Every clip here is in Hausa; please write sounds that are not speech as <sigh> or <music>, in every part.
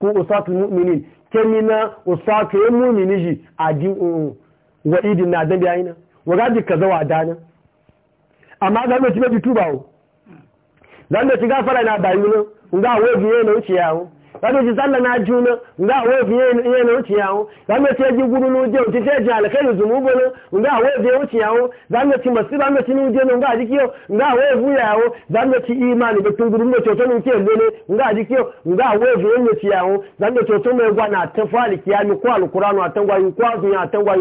ko usatu mu'minin kemina usatu ya mu'mini ji a di uh, uh, wa idin na dan bayina wa gaji kaza wa dana amma ga mai tibe tubawo dan da shiga fara na bayina nga wo biye na wuce yawo kaga ji na juna nga ye no yawo ti ji no je ti teji al no nga wo bi ye ci yawo zame ti masiba me ti no je no nga ji nga wo bu yawo zame ti imani be tunguru no to no ke ele nga ji nga wo bi no ci yawo zame me na tafali kiyami ko yu kwa zu ya yu ji wa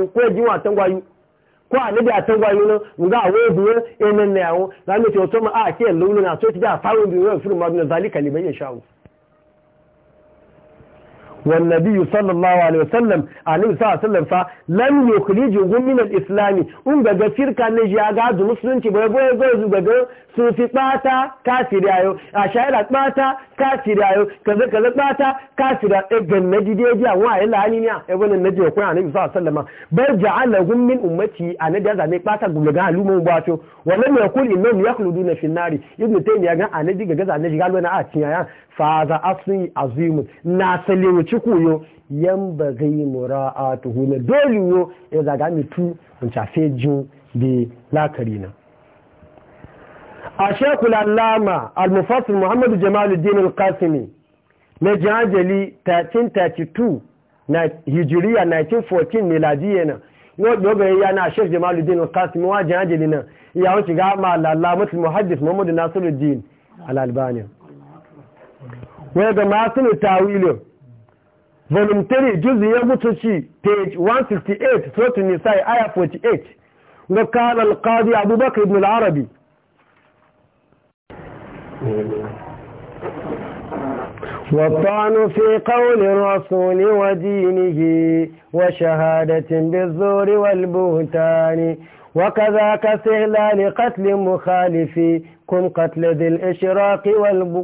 yu atangwa yu no nga ne yawo ti a ke lulu na da fawo bi furu zalika والنبي صلى الله عليه وسلم عليه الصلاه والسلام لم يخرجهم من الاسلام ان الإسلام أم بقى شركة نجي أقعد مسلم كبير بقى سوفي باتا كافر يا يو أشعر باتا kafira yau kaza kaza bata kafira na ganna dideji a ayi lani ni e wannan na ko kuna nabi sallallahu alaihi wasallam bar ja'alahum min ummati anadi za ne bata ga halu mun bato wannan ya kul innahum yakhluduna fi nari ibnu taymiya ga anadi ga gaza na jiga lwana a cinya ya fa za asri azim na salimu cikuyo yamba gai mura'atuhu na dole yo ya zaga mitu mun chafe ju bi lakarina a shekul allama al-mufassir muhammadu Jamal al-qasimi din al na jajali 1332 na hijiriya 1914 miladiya na yoga ya na shek Jamal al-qasimi din al wa jajali na ya wuce ga ma'alala mutum muhaddis muhammadu nasiruddin al-albani wai ga masu tawilo volume 3 juzi ya mutuci page 168 sotun nisai aya 48 ga kan al abubakar ibn al-arabi والطعن في قول الرسول ودينه وشهادة بالزور والبهتان وكذاك استهلال قتل مخالفي كن قتل ذي الإشراق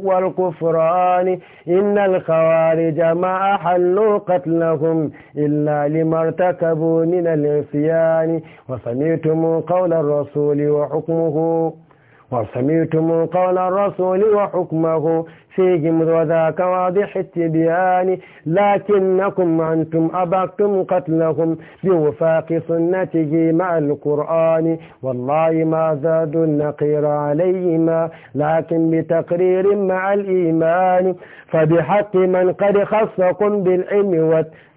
والكفران إن الخوارج ما أحلوا قتلهم إلا لما ارتكبوا من العصيان وسمعتم قول الرسول وحكمه وسمعتم قول الرسول وحكمه فيهم وذاك واضح التبيان لكنكم أنتم أبقتم قتلهم بوفاق سنته مع القرآن والله ما زادوا النقير عليهما لكن بتقرير مع الإيمان فبحق من قد خصكم بالعلم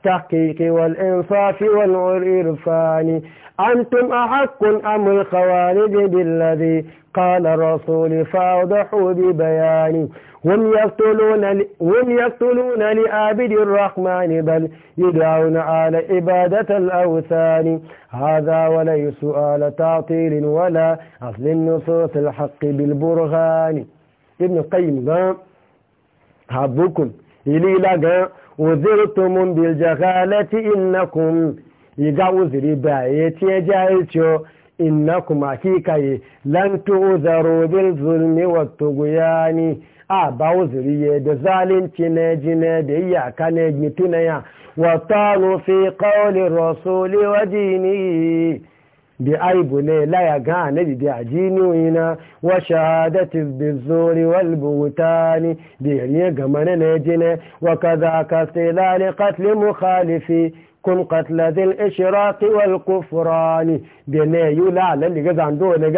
والتحقيق والإنصاف والعرفان أنتم أحق أم الخوارج بالذي قال الرسول فأوضحوا ببياني هم يقتلون, ل... هم يقتلون لآبد الرحمن بل يدعون على عبادة الأوثان هذا وليس آل تعطيل ولا أصل النصوص الحق بالبرهان ابن القيم قام حبكم إلي لقى وذرتم بالجهالة إنكم yi yiga uzuri kuma tiye kuma kika yi lantu tu'zaru bil zulmi wat ni a ba uzuri ya da zalunci ne jina da iyaka yi mituna ya wa talu fi rasu rasuli wa ni bi aibu ne laya ya ga nabi bi ajini na wa shahadati bizuri wal butani bi ne gamane ne jina wa kaza kastilali qatl mukhalifi kun katla zil ishiraki wal kufurani da ne yi la'alar da gazan dole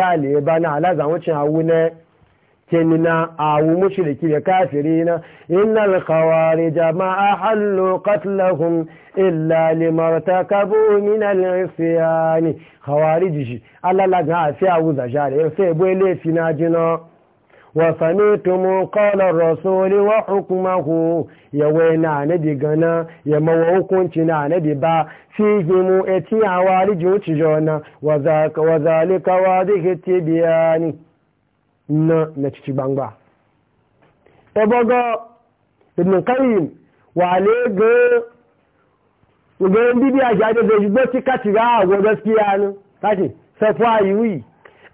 ba na alazan wucin hawu ne kenina awu mushriki da kafiri na innal khawari jama'a hallu qatlahum illa limartakabu min al-isyan khawari ji la ga afi awu zajare sai boye lefi na jino وسمعتم قول الرسول وحكمه يوينا نبي غنا يمو حكمنا نبي با فيهم اتي حوالج وتجونا وذاك وذلك واضح التبيان na na cici gbangba ebogo ibn qayyim wa le ga ga bidi aji jaje da jibo ti ga gaskiya kati yi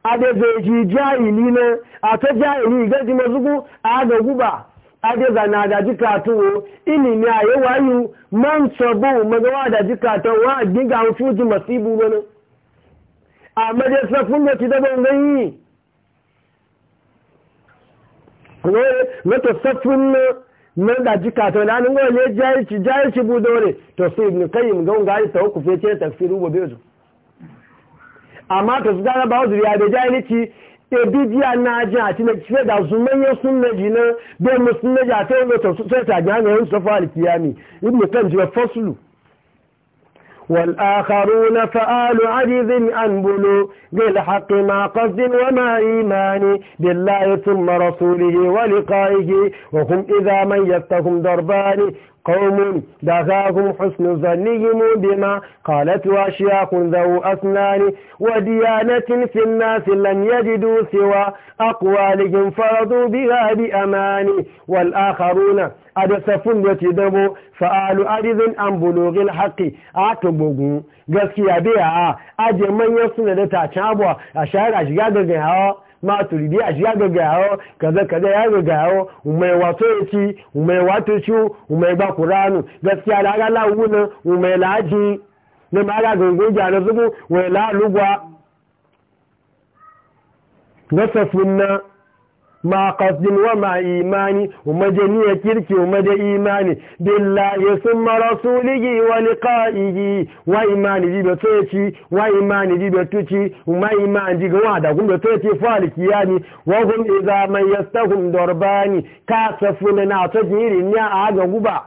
adezeji ji ne a ta jahili gaji mazugu a ga guba adeza na da jika tuwo ini ni a yi mụ man magawa da jika ta wa diga hutu masibu wani a majalisa funga ti daban ganyi na to na da jika ta ga amma ta su dana ba wasu ya da jahilci ebi biya na ji a cikin cife da su manyan sun na ji nan bai na ji a ta yi ta su sai ta ji hanyar yin sofa alkiyami ibn kan ji fasulu والآخرون فآل عجز عن بلو بالحق ما قصد وما إيمان بالله ثم رسوله ولقائه وهم إذا darba ne. قوم دغاهم حسن ظنهم بما قالت واشياق ذو أسنان وديانة في الناس لم يجدوا سوى أقوالهم فرضوا بها بأمان والآخرون أدسفون يتدبوا فآل أرض عن بلوغ الحق أتبغوا قسكي بها أجمن يصنع لتعشابوا أشار أشياء قلقها ma turidi a ya yawo kaza kaza ya yawo umai wato ci umai wato ci umai ba kuranu gaskiya da ga lawu na umai laji ne ma ga gungun jana zubu wai la lugwa na ma qasdin wa ma imani wa niyyar kirki wa da imani billahi summa rasulihi wa liqa'ihi wa imani bi batoci wa imani bi batuci wa imani diga wa da kun batoci fa alkiyani wa hum idza man yastahum darbani ka safuna na tajiri ni a ga guba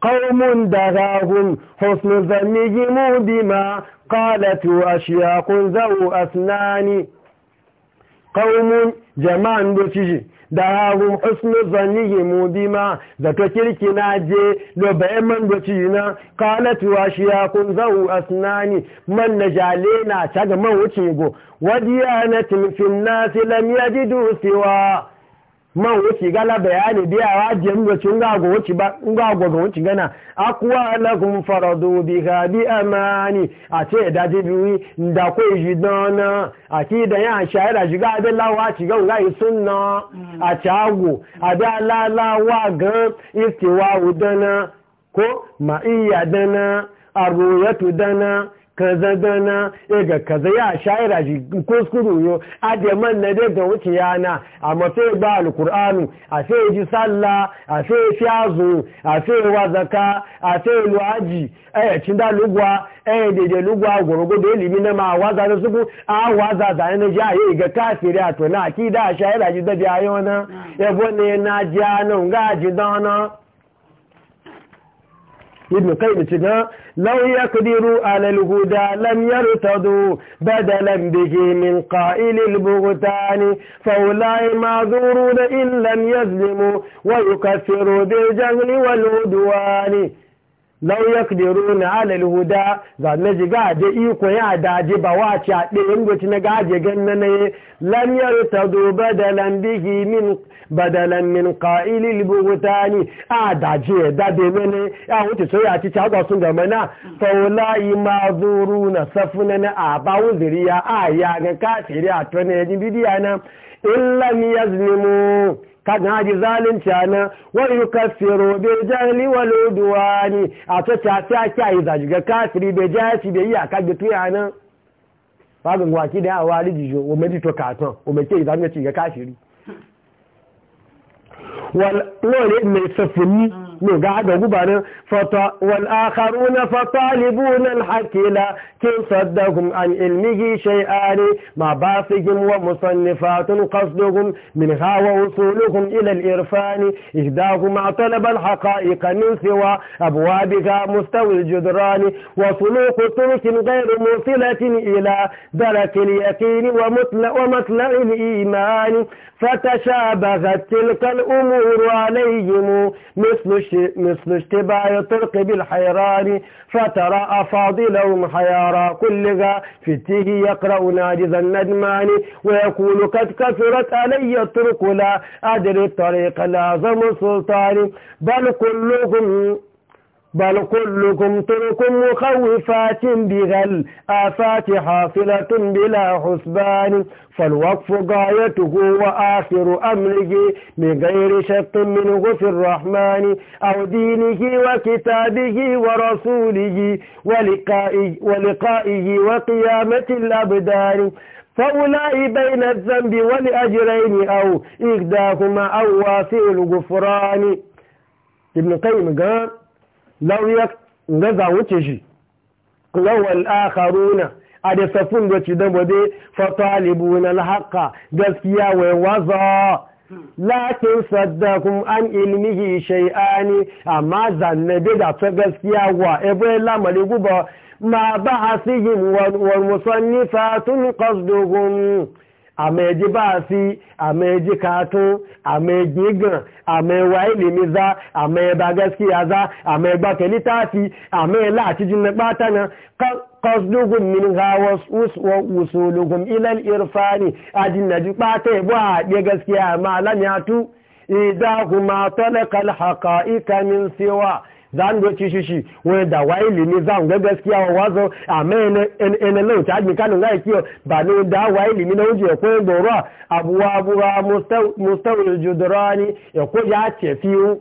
qaumun قوم دغاهم حسن bima qalat wa أشياق ذو asnani qaumun jama'an doci da hagu husnu zannihi mu bima zato kirki na je lo ba man doci na qalat wa kun zau asnani man jale na taga man wuce go wadiyanat min nasi ya ji siwa ma wuce gala bayani da yawa jiyan gaci ngagwa ga wuce gana akuwa na kun farado bi ga bi amani a ce da ji biyu da ko ji dana a ki da ya shayar ji ga da lawa ci ga ngai sunna a cago a da lalawa ga istiwa udana ko ma'iyya dana aruyatu dana kaza dana e ga kaza ya sha'ira ji kuskuru yo man na daga wuce yana a mafi ba alqur'anu a sai ji salla a sai fiazu a sai wazaka a sai luwaji eh da lugwa eh de lugwa de ilimi na ma waza na suku a waza da na ji ga kafiri a to na akida sha'ira ji da biya yona ebo ne na ji anu ga ji dana ابن قيم تنا لو يقدروا على الهدى لم يرتضوا بدلا به من قائل البغتان فأولئك معذورون إن لم يظلموا ويكفروا بالجهل والعدوان lau ya kudero na alal huda za na ji gaje iko ya daji ba wace a ɗayan gaci na gaje ganna na yi lanyar ta zo badalan bihi min badalan min ƙa'ilil bugutani a daje ya dade mene ya wuce soya ci cagwa sun gama na faulayi ma zuru na safuna na a ba wuziriya a ya ga kafiri a tona ya ji bidiya na in yazlimu kan haji zalunci ana kafiro yukaffiru jahili wani wal udwani a to ta ake a yi zajiga kafiri be jahili be a kaga tu yana ba fagin waki da awari jijo o medi to katon o meke idan ne ci ga kafiri ولولد إيه سفني نقعد قاعد فط والاخرون فطالبون الحق لا كن صدهم عن علمه شيئان ما باصهم ومصنفات قصدهم من منها وصولهم الى الارفان اهداهما طلب الحقائق من سوى ابوابها مستوي الجدران وسلوك طرق غير موصله الى درك اليقين ومطلع, ومطلع الايمان فتشابهت تلك الأمور عليهم مثل مثل اشتباه الطرق بالحيران فترى أفاضلهم حيارى كلها التيه يقرأ ناجز الندمان ويقول قد كثرت علي الطرق لا أدري الطريق لازم السلطان بل كلهم بل كلكم ترك مخوفات بغل آفات حافلة بلا حسبان فالوقف غايته وآخر أمره من غير شك منه في الرحمن أو دينه وكتابه ورسوله ولقائه, ولقائه وقيامة الأبدان فأولئي بين الذنب والأجرين أو إهداهما أو واسع الغفران ابن قيم قال lauyar ga za wuce shi lawal akharuna a da safin da ci bade dai fatalibu na alhaqa gaskiya wai waza lakin saddakun an ilmihi shay'ani amma zannabi da ta gaskiya wa ebe lamari guba ma ba hasihim wal musannifatu qasduhum ameji baasi ameji kato ameji gan amewa ilimi za ameba gaskiya za ameba kelitafi amela ati jinna bata na qasduhum min hawas wa usuluhum ila al-irfani ajinna ji bata ba a de gaskiya ma lam yatu idahuma talaqa al-haqa'iqa min siwa zan do ci shishi wani da waye limi zan ga gaskiya wa wazo amma ene lau ta ajin kanin ga kiyo ba da waye limi na wuje ko goro abuwa abuwa mustawil judrani ya ko ya ce fiu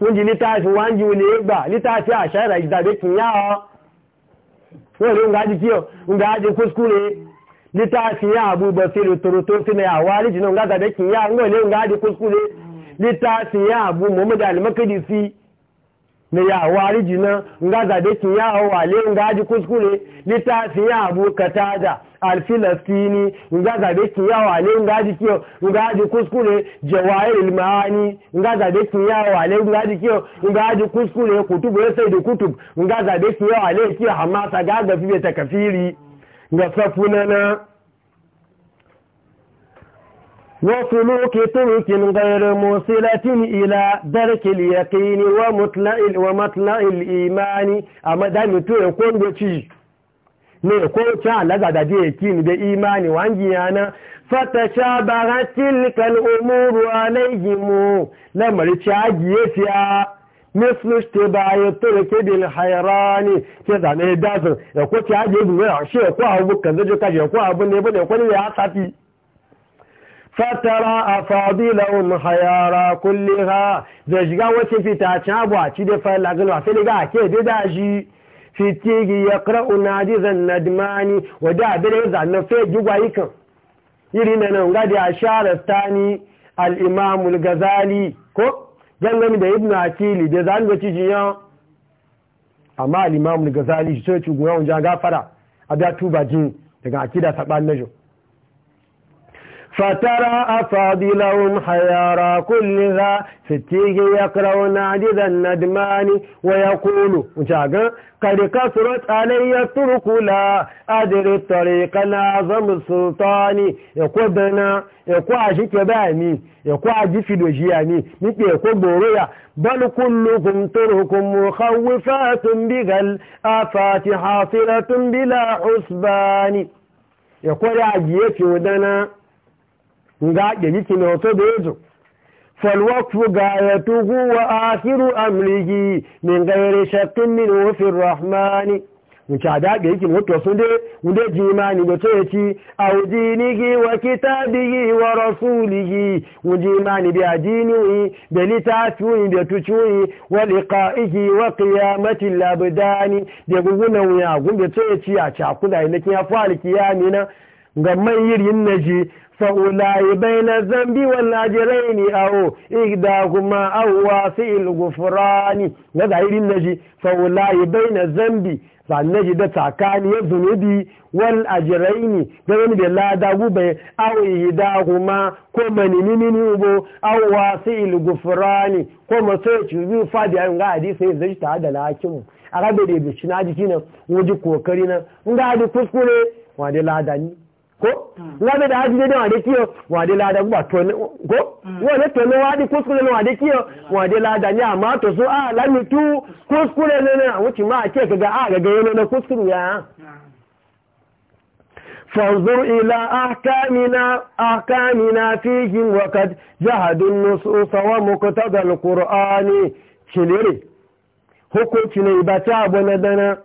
wunji litafi wanji wule gba litafi shaira idabe kinya wani nga ji kiyo nga ji kuskure litafi ya abu basiru turutu sine ya wali jinan ga zabe kinya ngole nga littafin ya abu muhammadu al si na ya wari jina nga zabe kin ya wale nga ji kuskure littafin ya abu katada alfilastini nga zabe kin ya wale nga ji kiyo nga ji kuskure jawahirul maani nga zabe kin ya wale nga ji kiyo nga ji kuskure kutubu ya sai da kutub nga zabe kin ya wale kiyo hamasa ga ga fiye takafiri nga safunana وسلوك طرق غير موصلة إلى درك اليقين ومطلع ومطلع الإيمان أما دام تو يكون بشي ne ko ta laga da dai kin da imani wangi yana fata sha bara tilkal umuru alaihim lamar chaji fiya mislu istibai turki bil hayrani ke da ne da ko chaji bu ya she ko abu kan da ka je ko abu ne bane ko ne ya sati fatara a fadilahun hayara kulliha zai shiga wacce fita can abu a ci da fayla galwa sai daga ake dida shi fitigi ya kra'u na jizan nadmani wadda abirai zanen fai gigwa ikan iri na nan gadi a sharar stani al'imamul gazali ko gangami da ibn akili da zanen da cijiyan amma al'imamul gazali shi sai ci gura wajen gafara a da tuba jini daga akida saɓan na فترى أفاضلهم حيارى كلها في التيج يقرؤون عدد الندمان ويقول قد كثرت علي الطرق لا أدري الطريق نعظم السلطان يقول بنا يقول عشيك بامي يقول عجف الوجياني مثل يقول بوريا بل كلكم طرق مخوفات بغل آفات حاصلة بلا حسبان يقول عجيك ودنا nga jeji kino otobezo ya gayatuhu wa akhiru amrihi min ghayri shaqqin min wafi rahmani mucada ga yake moto sun de unde jimani a teti au dinigi wa kitabihi wa rasulihi ujimani bi adini wi be ni ta tuyi de tuchui wa liqaihi wa qiyamati labdani de guguna Da agumbe teti a cha kula ile kin afali kiyani na ga mai yirin naji fa’ulayi bai na zambi wannan jirai ne awo igida kuma awuwa su ilgufura ne na zahirin na ji fa’ulayi bai na zambi sannan ji da tsakani ya zunubi wal ajiraini ga wani da lada gube awo ihida kuma ko manini mini ubo awwa si il gufrani ko maso ci zu fadi an ga hadisi ya zai ta da lakin a rabe da bishina jiki nan wuji kokari na ga hadu kuskure wa da lada ni ko hmm. ngabe da haji wade kiyo wade lada ko wale wadi kuskure ne wade kiyo hmm. wade amma to so a lami tu kuskure ne ne wuci ma ake kaga a ga gayo hmm. na kuskure ya فانظر إلى أحكامنا أحكامنا فيهم وقد جهد النصوص ومقتضى القرآن شليري hukunci ne ba ta abu na dana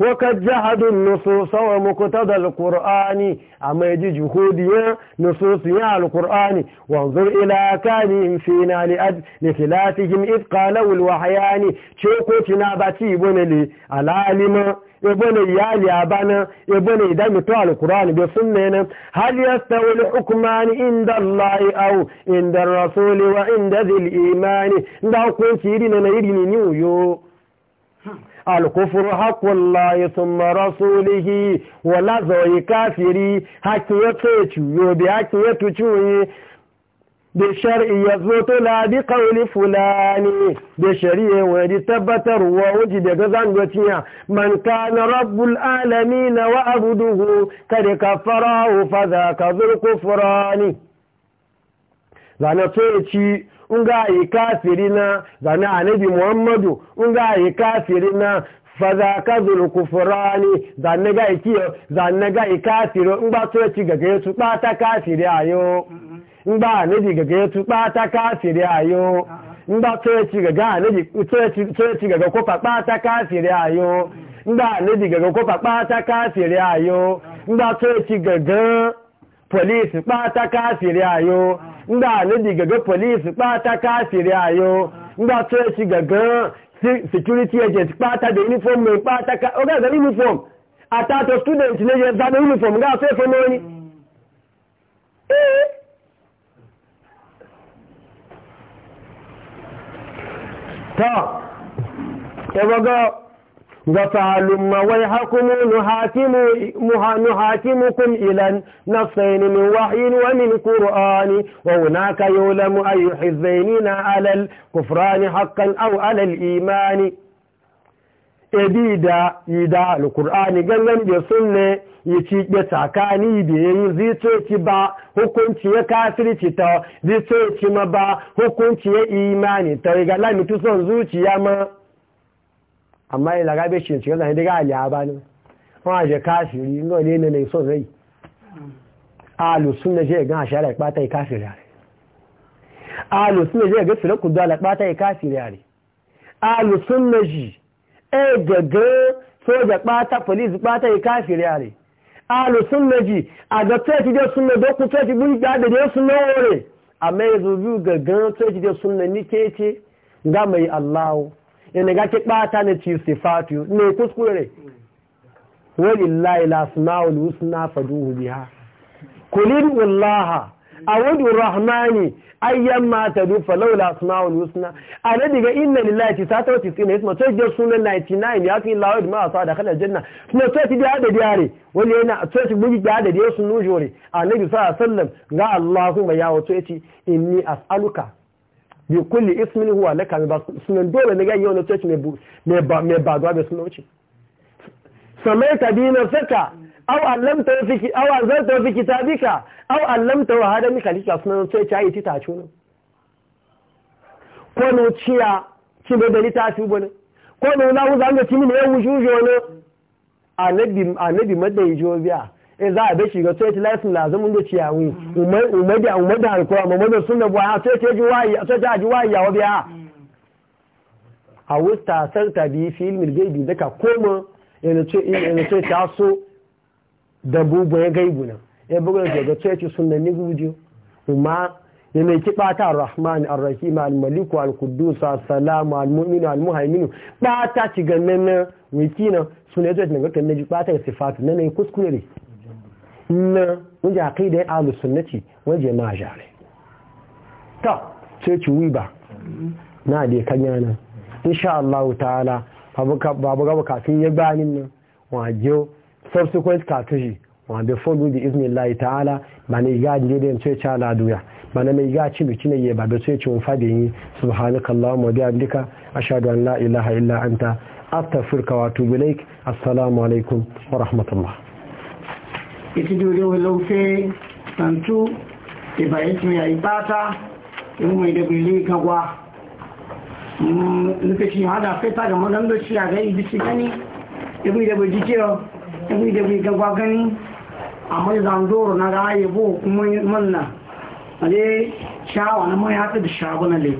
wakar jihadin nususa wa mukutada al-kur'ani a mai ji juhudiyar nususiyar al-kur'ani wanzu ilaka ne fina ne filafihin itkalawul wahaya ne cokoki na ba ci ibonale al'alima ibonale yali abana ibonale idan mutu al-kur'ani bai sun nenan har yi ta wani hukumani inda allahi au inda rasuliwa inda zil imani da hukunci iri na iri ne ni uyo alkufur haƙƙun layi sun rasulihi wa lazoyi kafiri haƙƙi ya tsoci yobe haƙƙi ya tuciwoyi da shari'i ya zo to labi ƙauli fulani da shari'i wani tabbatarwa wuji daga zangociya man na rabbul alami na wa abuduhu kada ka fara fa za ka zurkufurani zana nga yi kafiri na zane anabi muhammadu nga yi kafiri na faza ka zuru kufurani zane ga ikiyo zane ga ikafiro ngba echi ci gaga yetu pata kafiri ayo ngba anabi gaga yetu pata kafiri ayo ngba to ci gaga anabi to ci gaga ko pata kafiri ayo ngba anabi gaga ko pata kafiri ayo ngba to ci gaga polisi pátá káàsìrí ayó ngbà níbi gẹ̀gẹ́ polisi pátá káàsìrí ayó ngbà tó ẹ̀ṣì gẹ̀gẹ́ security agent pátá dé uniform mẹ́ pátá ọgá ìgbà uniform àtàtọ̀ student lè yẹ ìgbà uniform ngbà tó ẹ̀fọ́ lórí tọ́ ẹgbọ́gọ́ ما ويحكم نحاكم نحاكمكم إلى نصين من وحي ومن قرآن وهناك يولم أي حزبين على الكفران حقا أو على الإيمان ebida ida alkur'ani gangan da sunne ya ci ya tsakani da ya yi zitoci ba hukunci ya kafirci ta zitoci ma ba hukunci ya imani ta ga lamitu son zuciya ma amma yana gabe shi cikin zai daga aliya ba ne wọ́n àjẹ́ káàkiri ní ọ̀lẹ́ ilẹ̀ ilẹ̀ ìsọ̀rọ̀ yìí alùsúnnà jẹ́ ẹ̀gán àṣà aláìpátá ìkáàkiri rẹ̀ alùsúnnà jẹ́ ẹ̀gẹ́ fìlọ́kùdó aláìpátá ìkáàkiri rẹ̀ alùsúnnà jì ẹgẹ̀gẹ́ sójà pátá pọ̀lísì pátá ìkáàkiri rẹ̀ alùsúnnà jì àjọ tẹ́ẹ̀tì jẹ́ súnnà dókú tẹ́ẹ̀tì bú ìgbàdẹ̀dẹ̀ súnnà rẹ̀ àmẹ́ ìzòvú gẹ̀gẹ́ tẹ́ẹ̀tì jẹ́ súnnà ní kéèké ngámẹ́ Allahu Ina ga ki bata ne ci sifatu ne kuskure walillahi lasmaul husna faduhu biha kulil wallaha awudu rahmani ayyamma tadu falau lasmaul husna ana diga inna lillahi sata wa tisina isma to je sunan 99 ya fi lawad ma sa da khala janna kuma to ti da da yare wani yana to ti bugi da da yare sunu jore annabi sallallahu alaihi wasallam ga allahumma ya wato yace inni as'aluka bi kulli ismin huwa laka ba sunan dole ne ga yau na church me ba me ba ga sunan wuce samaita bi saka aw allamta fiki aw anzalta fiki tabika aw allamta wa hada mika lika sunan sai ta yi ta cuno ko no ciya ki be dali ta su bone ko no na wuza ga mi ne ya wujujo ne anabi anabi madai jobiya in eh, za a bai shiga sai lasin lazumin da ciyawi umar da umar da alkura umai da suna buwa sai ta ji wayi sai ta ji wayi yawa biya a wusta sarta bi fi ilmin gaibi daga koma yana ce yana ce ta so da bubuwan gaibu nan ya bugu da ga sai ci suna ni gujo umma yana ki bata ar-rahman ar-rahim al maliku al-quddus as-salam al-mu'min al-muhaymin bata ci gannan wiki nan sunna ya ce ga kan naji bata sifatu nan ne kuskure na wajen alu sunnati wajen ma jare ta sai ci wiba na da kan yana insha Allah ta'ala babu gaba kafin ya bayanin nan wajen subsequent cartridge wanda fogu da izinin lai ta'ala ba na ga jide da yanzu ala duya ba na mai ga ci biki ne yi ba da sai cin fadin yi subhanakallahu wa bihamdika a an la ilaha illa anta astaghfiruka wa atubu ilaik assalamu alaikum wa rahmatullah ìtìdúrí olóòfẹ́ tàntú ìbàyẹ̀tìmìyà ìbáta ìwọ̀n ìdẹ̀bìlì gagwa mm, lokacin hada feta ga magandoci a gai gani da da gani na ga yabo manna na hata da le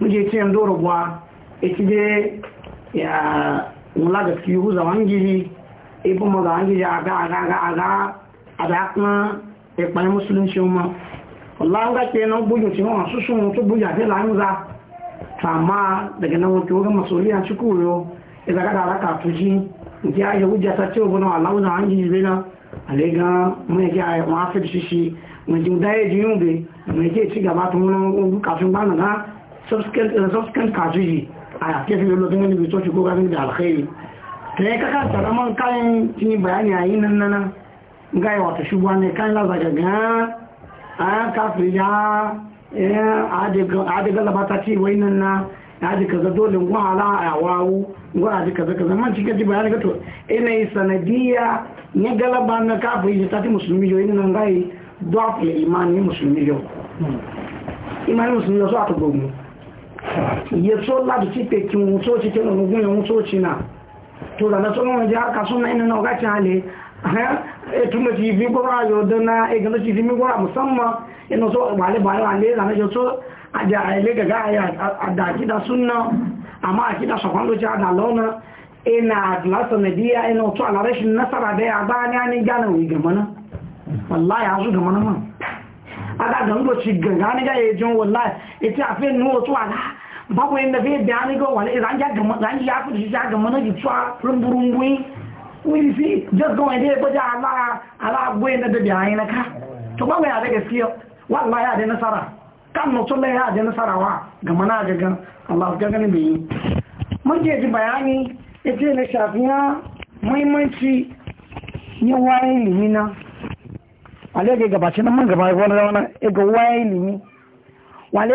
muje ce yan doro gwa ita dai ya da huza ibu ma ga wangiji a ga a àbí apán ẹ̀pà mùsùlùmí ṣe wọn ọ̀láńgá tí ẹnà gbójú tí wọ́n súnsún wọn tó gbójú àti láńzá tàmá daga nan wọn tí wọ́n gama sórí àti kú rọ ìzàgádà alákàtú jí nti ayé wújá sa tí ó bọ́nà aláwùjá wọn yìí rẹ̀ náà àlẹ́gán mọ́ ẹ̀kẹ́ wọn á fẹ́ ṣíṣe wọn ti dáyé jí yóò bẹ wọn ẹ̀kẹ́ tí gàbá tó wọn ogun kàfin gbá nàná nan nana ga ìwà tó ṣubú ní ká lágbàjẹ̀ gan an kafin ya e, kaza dole gwahala a wawu gwaraji kaza kaza man bayani gato ina e yi sanadiyya ya galaba na kafin ya tafi musulmi yau ina e na gai ya imani musulmi yau imani musulmi yau so a ta gomu ya so ladu cipe ya na na tun da cifi gura yau na igana cifi mi gura musamman ina so wale bayan wale zane yau so a ji a ile gaga a da kida suna amma a kida shakwan doce a dalona ina atlasa na biya ina otu a larashin nasara da ya ba ni ani gane wuri gama na wallahi ya su gama na ma a da ga ngoci ganga ni ga yajin wallahi ita a fiye nuwa otu ala babu inda fiye biya ni ga wale zan ya gama na ji tuwa rumburungwi wifi just go and dey gbaja ala na dabi ayin na ka to ba daga gaskiya wallahi ya da nasara kan mutum ya da nasara wa ga mana ga gan Allah ga ganin bai yi mun je ji bayani yace na muhimmanci ni waye limina wale ga gabace nan man gaba wani rana ga waye limi wale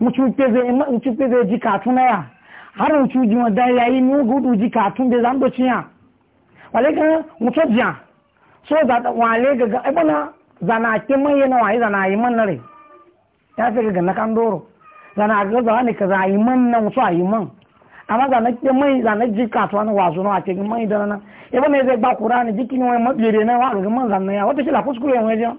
mutu peze mutu peze ji katun naya, ya har mutu ji wanda yayi mu gudu ji katun be zan do ya. wale ga mutu jiya so da wale ga ga ibana zana ke mai yana wai zana yi man nare ta fi ga na kan doro zana ga za ne ka za yi man nan so yi man amma zana ke mai zana ji katun na wazo na ke mai da na ibana zai ba kura qur'ani jikin wai mabire na wa ga man zanna ya wata shi la kuskure wani jan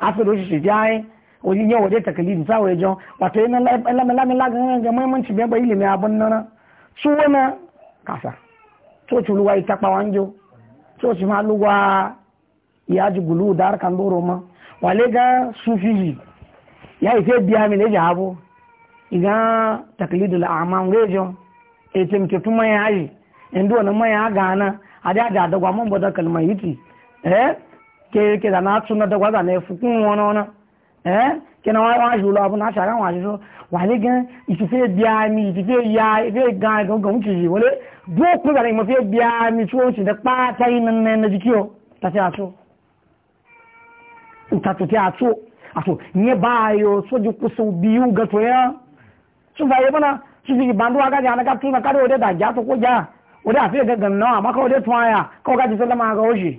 asibiti shi jaye wajen yau wajen takalidi sa wajen jan wato yana lamin lamin ga muhimmanci bai bai ilimi abin nan su wani kasa so ci luwa ita kpawan jo so ci ma luwa ya ji gulu da harkan doro ma wale ga sufiji ya ife biya mi ne jahabo iga taklidu la amma ngejo e temke tuma yaji endo na maya gana ada da da gwa mun boda kalmayiti eh ke da na tuna da gwaza na fukun wani wani eh ke na wani shi lo abu na shara wani so wale gan itife biya mi itife ya ife gan gan gan ci ji wale do ku da mu fe biya mi so ci da ta yin nan na jikiyo ta ta so ta ta ta so ato nye bayo so ji kusu biyu ga to ya su fa yebana su ji bandu aga ja na ka tuna ka do da ja to ko ja o da fe ga gan na ma ka o de tuaya ka o ga ji sallama ga oji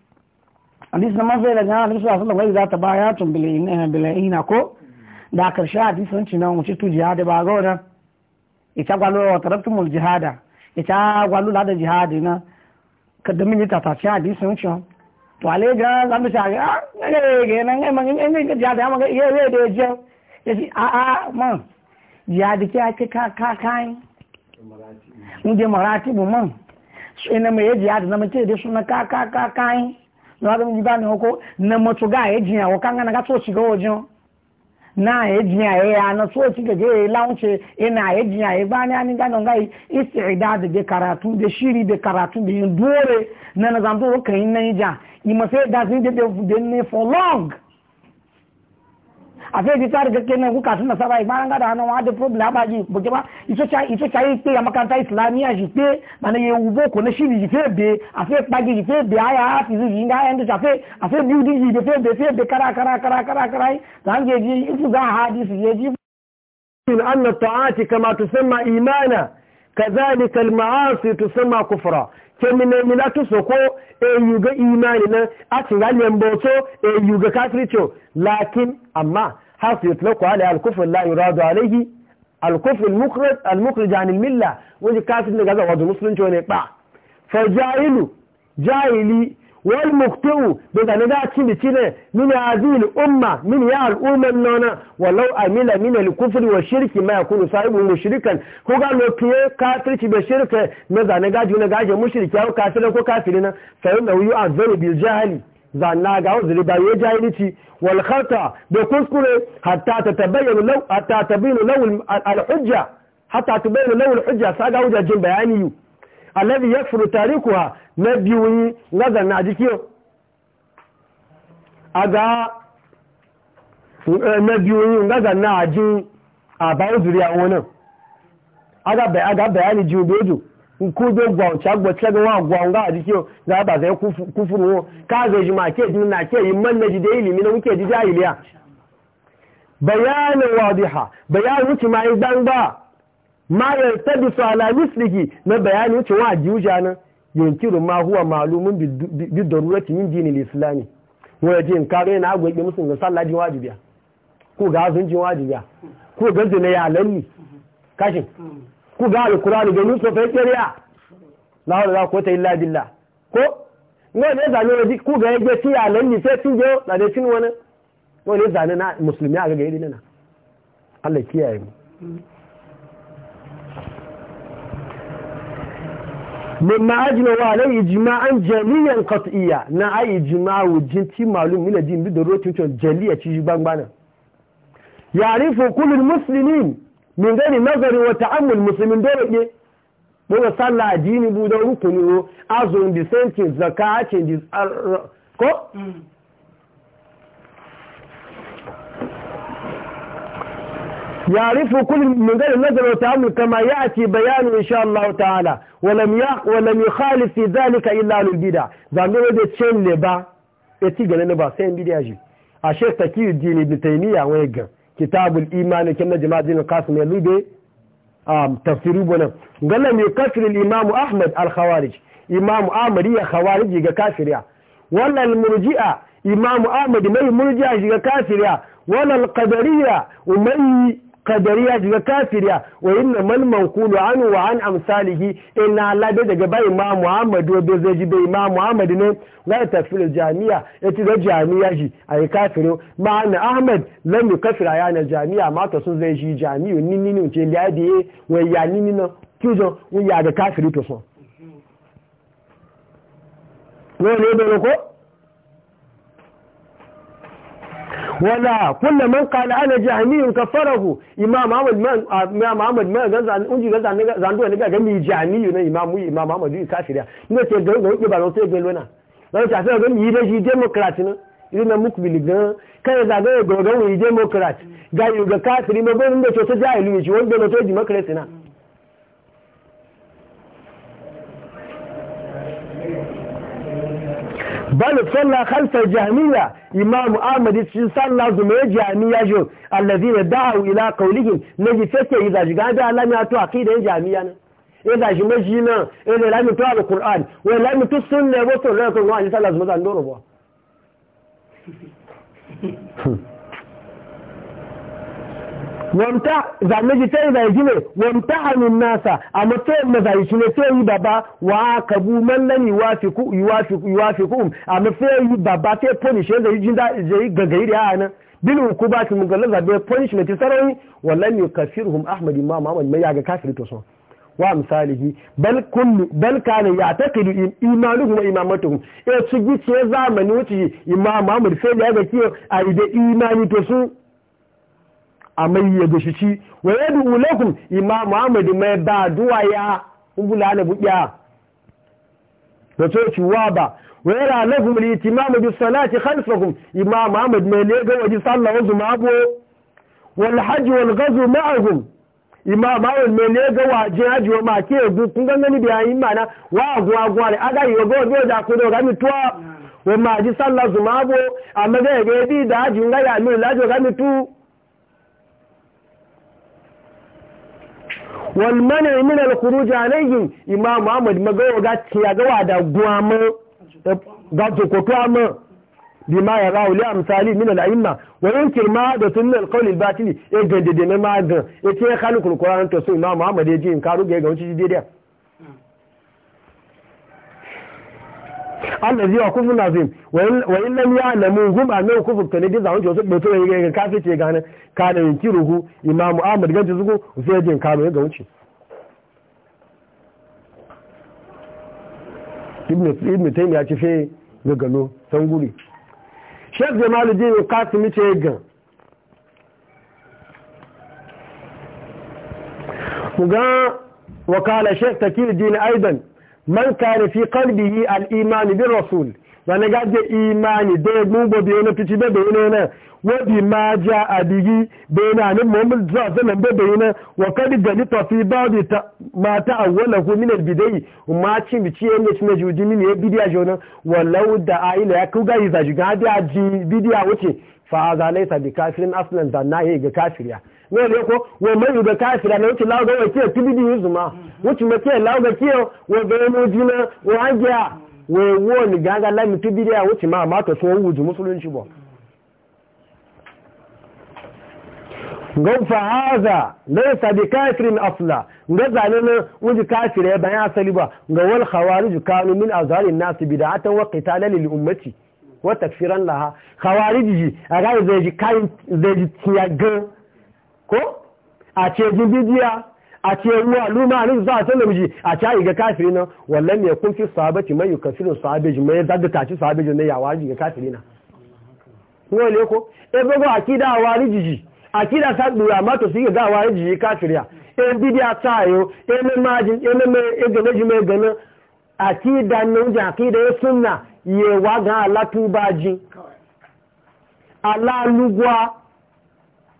hadisi na mafi daga jana hadisi wasu da wai za ta ba ya tun bila'ina eh, ko da karshe hadisi sun cina mu ci tu jihadi ba ga wadda ita gwalo wa tarattumul jihada ita gwalo da jihadi na kaddamin yi tatace hadisi sun cina to ale ga zan ah, ta ga ga ya ga nan ga man ga jihadi amma ga ga da je ya ci a a ma jihadi ke ka ka kai mun je marati mun man sai na mai jihadi na mace da suna ka ka ka kai na ga mun gane ko na moto ga ya jiya wa kan na ga to shiga wajen na ya jiya ya ya na so shiga ga ya launce ina ya jiya ya ba ni ani gano ga istidad da karatu da shiri da karatu da yin na na zanto ko kai ja i ma sai da zin da da ne for long afe ji tsari gaske nan kuka suna saba ibaran gada hannun wa da problem haɓa ji buke ba iso ca iso ca yi pe a makaranta islamiyya ji pe bana yi wubo ko na shiri ji fe be afe kpagi ji fe be aya hafi zu ji nga aya ndo afe afe building ji be fe be fe be kara kara kara kara kara za an ji ifu za hadisi ye ji أن الطاعات كما تسمى إيمانا كذلك المعاصي تسمى كفرا kemine milatu soko eyu ga imani na a tingani mboto eyu ga kafircho lakin amma hasu yutlaku ala al-kufr la yuradu alayhi al-kufr al-mukhrij al-mukhrij an al-milla kafir ne gaza wajen musulunci ne ba fa jahilu jahili wal muktu daga na dacin da cire min azil umma min ya al'umman nona walau amila min al kufri wa shirki ma yakunu sahibu mushrikan ko ga lokiye kafirci be shirka na zane gaji na gaje mushriki ko kafira ko kafirina sai na yu azzaru bil jahili zanna ga uzuri ba ya jahilci wal khata da kuskure hatta tatabayyana law hatta tabayyana law na biyu eh, yi nazar na a ga na biyu yi nazar na ajin a bayan zuriya wani a ga bayani jiyo bejo bí gbọ̀n tí a gbọ̀ tí ẹgbẹ̀ wọn gbọ̀n gáà jí kí o gbàgbà fẹ́ kú fún wọn káàzọ̀ ìjùmọ̀ àti èdè nínú ma yi ma tabi ala na yunkiru ma huwa malumun bi darurati min dinil islami wa jin kare na agwa ke musun ga sallah din wajibiya ko ga azun din wajibiya ko ga zina ya lalli kashin ko ga alqur'ani ga nuso fa kiriya la hawla ko ta illa billah ko ngo ne zalo ji ko ga yaje ti ya lalli sai tin jo na da tin wani ngo ne na musulmi aga ga irin na Allah kiyaye mu mimma ajma wa alai ijma'an jaliyan qat'iyya na ai ijma'u jinti malum min ajin bi da rotin to jaliya ci bangbana ya'rifu kullu muslimin min gani nazari wa ta'ammul muslimin dole ne dole sallah addini bu da rukuni azun the same thing zakat ko يعرف كل من غير النظر والتعامل كما يأتي بيان إن شاء الله تعالى ولم ولم يخالف في ذلك إلا للبدع زعمنا ودي تشين لبا اتيجا لنبا سين بدع جي الشيخ تكي الدين ابن تيمية ويقا كتاب الإيمان كما جماعة دين القاسم يلوبي آم تفسيري بنا قال لم يكفر الإمام أحمد الخوارج إمام آمرية خوارج يقا كافرية ولا المرجئة إمام أحمد ما المرجئة يقا كافرية ولا القدرية ومن kadariya daga kafiriya wa yin man mankulu an wa an amsalihi in na Allah da daga bai ma Muhammadu bai zai ji bai ma Muhammadu ne ga fil jami'a ya ci da jami'a ji a yi ma na Ahmad lam yukafir ayana jami'a ma sun zai ji jami'u ni ni ni ce ladi wa ya ni ni na kujo wa ya da kafiri to so ne ko wala kullu man qala ana jahmiyun kafarahu imam ahmad man imam ahmad man ga zan unji ga zan zan do ne ga mi jahmiyu ne imam imam ahmad yi kafira ne ce ga ga ba ro te gelo na ran ta sai ga mi da shi democrat ne irin na muku biligan kai za ga ga ga wi democrat ga yu ga kafiri ma ba da to ta jahilu shi wanda na to democrat na bal salla khalfal jahmiya imam ahmad shi salla zuma jahmiya jo alladhina da'u ila qawlihim naji fake iza jiga da alama to akida jahmiya ne iza shi maji na ila lami to alquran wa lami to sunna wa ko zuma zan ba Wanta za ji tai da gine wanta wamta nasa amma to ma za yi shine to yi baba wa kabu man lan wa fi ku amma sai yi baba sai punish da yi jin da yi gagari da yana bil hukubati mugallaza be punishment ne wallan yukafirhum ahmad imam ahmad mai yaga kafiri to so wa misalihi bal kullu bal kana taqidu imanuhum wa imamatuhum e su gice zamani wuce imam ahmad sai ya ga kiyo a ide imani to su amayya da shi ci wa yadu lakum imam muhammad mai ba duwa ya ubula na buya da coci wa ba wa yara lakum litimamu bis salati khalfakum imam muhammad mai ne ga waji sallah wazu mabo wal hajj wal ghazw ma'ahum imam muhammad mai ne ga waje hajj wa ma ke gu kun gangani bi ayi mana wa gu gu ale aga yi go go da ku ga mi tuwa wa ma ji sallah zumabo amma ga ga bi da hajj ga ya mi lajo ga mi tu walmanar mana min al imam muhammad magawa ga ya gawa da guama ga jokoto amma ma ya rawu liya misali mina al a'imma wani da sunna al batini ya e batili na ma ya e ce khalqul ta to so imam ahmad ya ji in karu ga ga wuce daidai allazi wa kufun nazim wa in lam ya'lamu hum annahu kufun kane da zawon josu bai to yayi ga kafice ga nan kana yankiruhu imam ahmad ganci zugo sai jin kano ga wuce ibn taymi ya ci fe ga gano san guri shek jamaluddin kasimi ce ga ku ga wakala shek takiruddin aidan man kare fi qalbihi al-iman bir rasul wani gaje imani da gbogbo bi yana fici da bai yana wa bi ma ja digi bai yana nan muhammad zuwa zanen da bai yana wa kadi gani tafi ba bi ta mata a awwala ko min bidai ma ci bi ci yanda ci majuji ya bidiya jona walau da aila ya kuga yi zaji ga a ji bidiya wuce fa za sa bi kafirin aslan da na yi ga kafiriya ne ne ko wa mai yuga kafira na wuce wa ga wace tibidi yuzuma wuce mace lawo ga kiyo wa ga mu jina wa ajiya wa wo ni gaga la mi tibidi ya wuce ma ma to so wuju musulunci ba gaufa haza laysa bi kafirin asla ga zane zalina wuji kafire bayan asali ba ga wal khawarij kanu min azharin nas bid'atan wa qitalan lil ummati wa takfiran laha khawarij ji aga zai ji kayan zai ji tiyagan ko a ce bidiya a ce ruwa luma ne za a tsalle ji a ga kafiri na wallan ne kun fi sahabati mai yukafirin sahabeji mai zadda taci ya waji ga kafiri na ko ko e bago akida ji akida sa dura ma to sai ga warijiji kafiriya e bidiya tayo e me majin e me e me akida akida sunna ye wa ga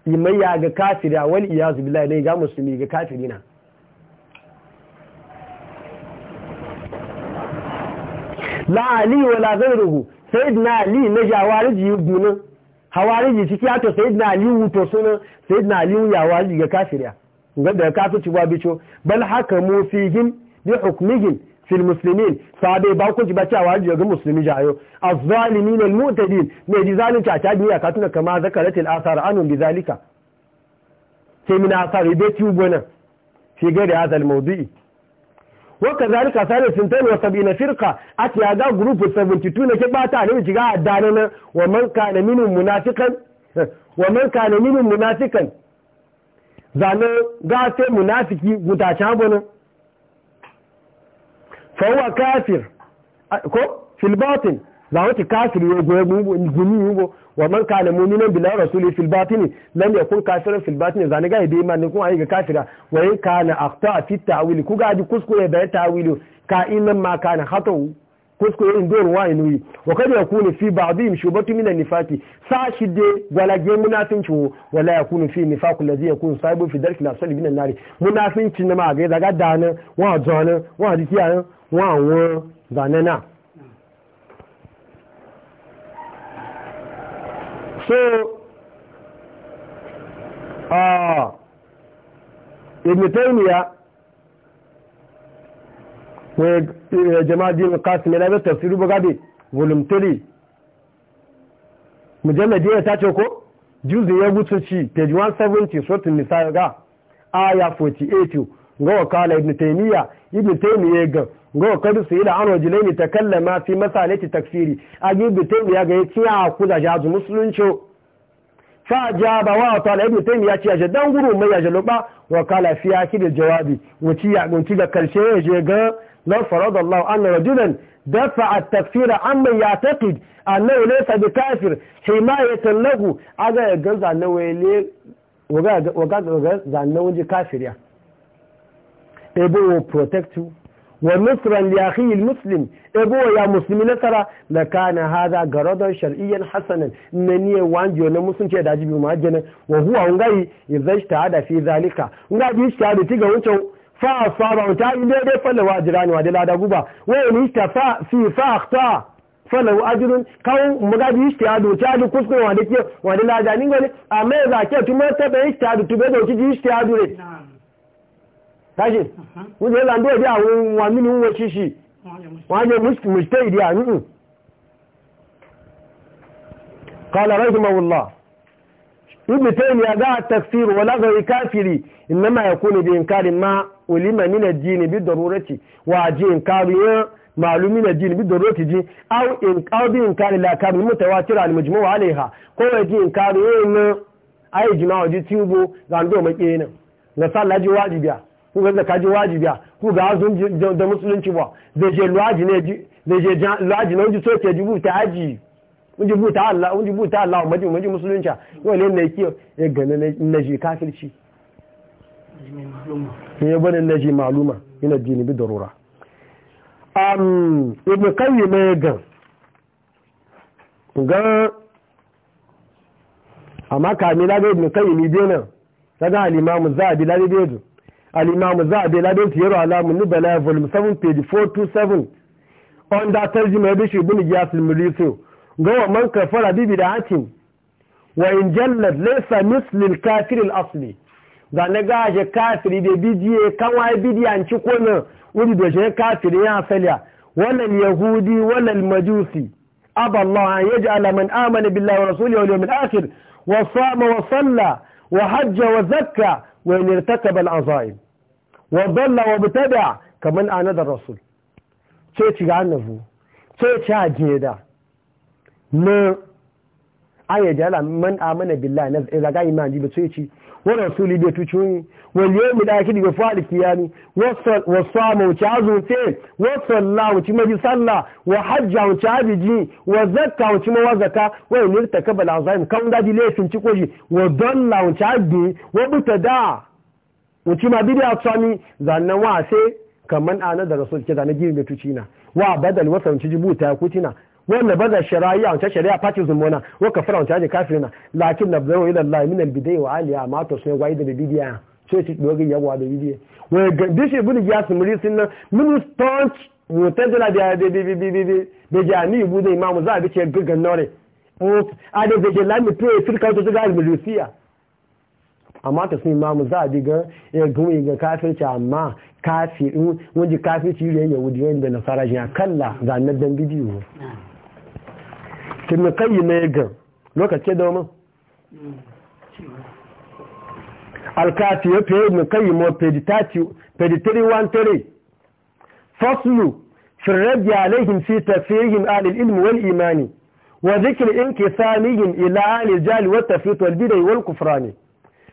imayya ga kafira wal iyazu billahi ne ga musulmi ga kafirina la ali wala ghayruhu sayyidina ali na jawariji yubuna hawariji ciki ato na ali wuto suna na ali ya wariji ga kafira ga da kafirci ba bicho bal hakamu fihim bi hukmihim fil muslimin sabe ba ku ji ba cewa ji ga musulmi jayo az-zalimin al-mu'tadin ne ji zalunci a ta duniya ka tuna kama zakaratil asar anun bi zalika sai min asar ibe ci ubona fi gari hadha al-mawdu'i wa kadhalika sare sintain wa sab'ina firqa atiya ga group 72 ne ke bata ne ji ga addana wa man kana minhum munafiqan <laughs> wa man kana minhum munafiqan zane ga sai munafiki gutacin abonin fọwọ́ káfir ko filbatin za wata kafir ya goye gumi yugo wa man kana mu'minan billahi rasuli fil batini lam yakun kafiran fil batini zani yi dai man kun ayi ga kafira wa in kana akhta fi ta'wil ku ga di kuskure da ta'wilu ka inna ma kana khata kusko irin doron wa inuyi wa kada ya kuna fi ba'dhim shubatu minan nifaqi sa shi de gwalage munafinci wo wala ya kuna fi nifaqul ladhi yakunu sahibu fi darki al-asali minan nari munafinci na ma ga daga dana wa jana wa dikiya wa wa zanana so ah ibn taymiya jama'a din kasim yana zai tafsiru ba gabe volume 3 mujalladi ya tace ko juzi ya gutu ci page 170 sotun misali ga aya 48 ga wakala ibn taimiyya, ibn taymiya ga ga wakadu su yi ila anwa jilaini ta kallama fi masalati takfiri a ibn Taimiyya ga ya ciya ku da jazu musulunci fa ja jaba wa ta'ala ibn taymiya ce ya dan guru mai ya jaluba wakala fi akhir jawabi wuci ya gunci ga karshe ya je ga لو فرض الله أن رجلا دفع التكفير عمن يعتقد kafir ليس بكافر حماية له أجا يقول أنه ليه وقال أنه كافر يعني ebo protect you wa nusran li akhi muslim ebo ya muslimi nasara la kana hada garadan shar'iyyan hasanan nani wanjo na musunce da jibi majana wa huwa ngai idza ijtahada fi zalika ngai ijtihadu tiga wancan fa asaba ta yi daidai falawa ajirani wa dila da guba wai ni ta fa fi fa akhta falawa ajirun kawo magadi ishtihadu ta du kuskure wa dake wa dila da ni gani amma za ke tu mai ta bai ishtihadu tu bai da ki ishtihadu ne kaje mu je lan do dia wa mini wo shishi wa je mustahidi a nu'u qala rahimahullah ibn taymi ya za tafsir wa la ghayr kafiri inma yakunu bi inkar ma ulima min ad-din bi darurati wa ji inkar ya malumi min ad-din bi darurati ji aw in qadi inkar la kab mutawatir al majmu' alayha ko wa ji inkar yin ay jina ji tubu ga ndo ma kina na sala ji wajibiya ku ga zaka ji wajibiya ku ga azun da musulunci ba da je lwaji ne ji da je lwaji ne ji so ke ji bu ta aji wunji buta Allah wunji buta Allah maji maji musulunci yau ne ne kiyo ya gane na ji kafirci ya bane na ji maluma ina dini bi darura um ibn qayyim ya ga ga amma kami na ga ibn qayyim bi nan daga al-imam zabi la bi yadu al-imam zabi la bi tiyaro ala mun bala volume 7 page 427 under tarjuma bi shi ibn giyas al gawa man kafara da bid'atin wa in jallad laysa misl al-kafir al-asli ga na gaje kafiri da bidiye kawai bidiyan ci kona wuri da shi kafiri ya asaliya wannan yahudi wannan majusi aballahu an yaj'ala man amana billahi wa rasulihi wal al akhir wa sama wa salla wa hajja wa zakka wa in irtakaba al-azaim wa dalla wa btada kaman anada rasul ce ci ga annabu ce ci ajeda na aya jala man amana billahi na zaga iman ji bace ci wa rasuli bi tuci wal yawmil akhir bi fa'al qiyami wa samu ci azu ce wa sallahu mafi maji salla wa hajja ci ji. wa zakka ci ma zakka wa yurta kabal azaim kan da di lefin ci koji wa dalla ci abi wa butada ci ma bidi atsani zannan wa sai kaman ana da rasul ke zanna gibi tuci na wa badal wasan ci jibuta kutina wannan ba da shari'a wancan shari'a fati na waka kafara wancan kafin na lakin na bayo wani Allah minan bidai wa aliya ma to sun gwai da bidiya so shi dogon yawa da bidiya wa dishi bun ya muri sun stonch mutan jana da da da da da jami bu da imamu za a ce gaggan nore a da da lami to firka to ga almulusiya amma ta sun imamu za a bi ga ya gumi ga kafirci amma kafirci wanda kafirci yuri yahudiyan da nasara jiya kalla zanen dan bidiyo kimi kai mai gan lokaci da wama alkati ya fiye mai kai mo peditari 13 faslu firrabi alaihim fi tafiyihim alil ilmi wal imani wa zikir inkisamihim ila alil jali wa tafiyat wal bidai wal kufrani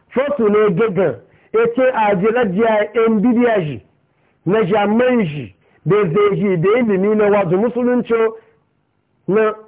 faslu ne gagan ya ce a jirajiya yan shi, na shi, da zai da ilimi na wazo musulunci na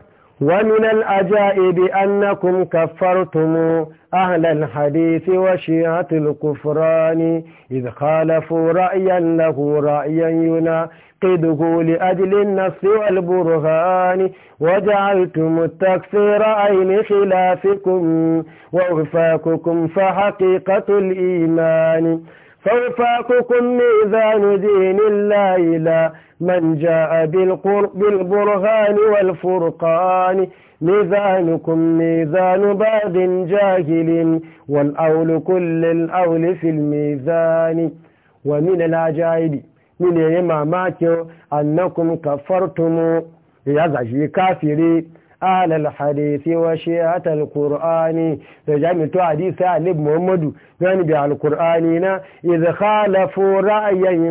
ومن الأجائب أنكم كفرتم أهل الحديث وشيعة الكفران إذ خالفوا رأيا له رأيا يناقضه لأجل النص والبرهان وجعلتم التكفير عين خلافكم ووفاقكم فحقيقة الإيمان فوفاقكم ميزان دين الله لا من جاء بالبرهان والفرقان ميزانكم ميزان باد جاهل والأول كل الأول في الميزان ومن العجائب من يماماتي أنكم كفرتم يزعج كافرين ala alhadisi wa shi'at alqur'ani da jami'tu hadisi alib muhammadu gani bi alqur'ani na idh khalafu ra'yan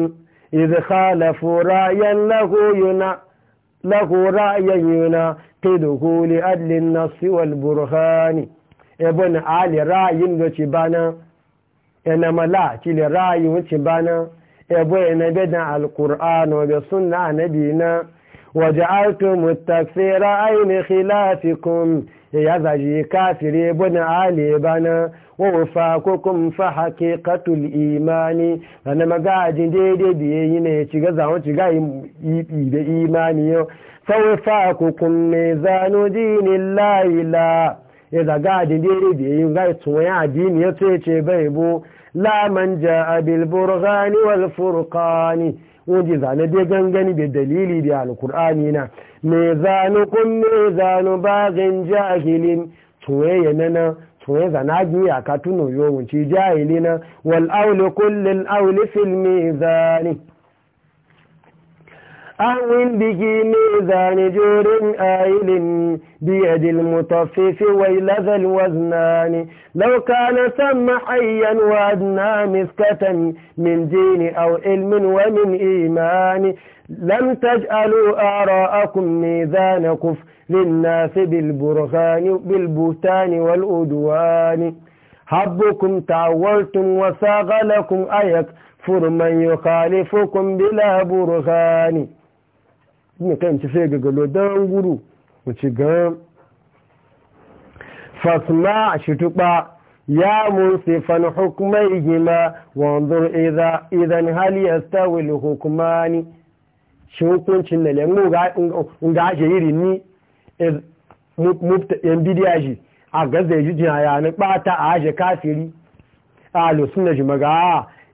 idh khalafu ra'yan lahu yuna lahu ra'yan yuna tidhu li adli an-nas wal burhani ibn ali ra'yin do ci bana ena mala ci le ra'yin ci bana ebo ena bedan alqur'ani wa sunna nabina وجعلتم التكفير عين خلافكم يزجي كافر ابن علي بنا ووفاككم فحقيقة الإيمان أنا ما قاعد ديدي بيين يشيغ زعو شيغ إيماني فوفاككم ميزان دين الله لا إذا قاعد ديدي بيين غاية سويا دين يتيشي بيبو لا من جاء بالبرغان والفرقان wanda zane dai gangani da dalili da alkur'ani na me zanu kun me zanu bagin jahilin tuwaye na na tuwaye zana giya ka tuno yawon ci jahili na wal auli kullin auli fil أهون به ميزان جور آيل بيد المطفف ويل ذا الوزنان لو كان ثم حيا وأدنى مسكة من دين أو علم ومن إيمان لم تجعلوا آراءكم ميزان كفر للناس بالبرهان بالبهتان والأدوان حبكم تعولتم وساغ لكم أيك فر من يخالفكم بلا برهان ne kan ci sai ga don guru mu ci gan fasma shi tuba ya musifan hukumai gima wanzur idan hali ya stawil hukumani shi hukuncin na lemu ga ake iri ni yan bidiya shi a gaza ya jijin hayanin bata a aje kafiri ah, eh, a lusun na maga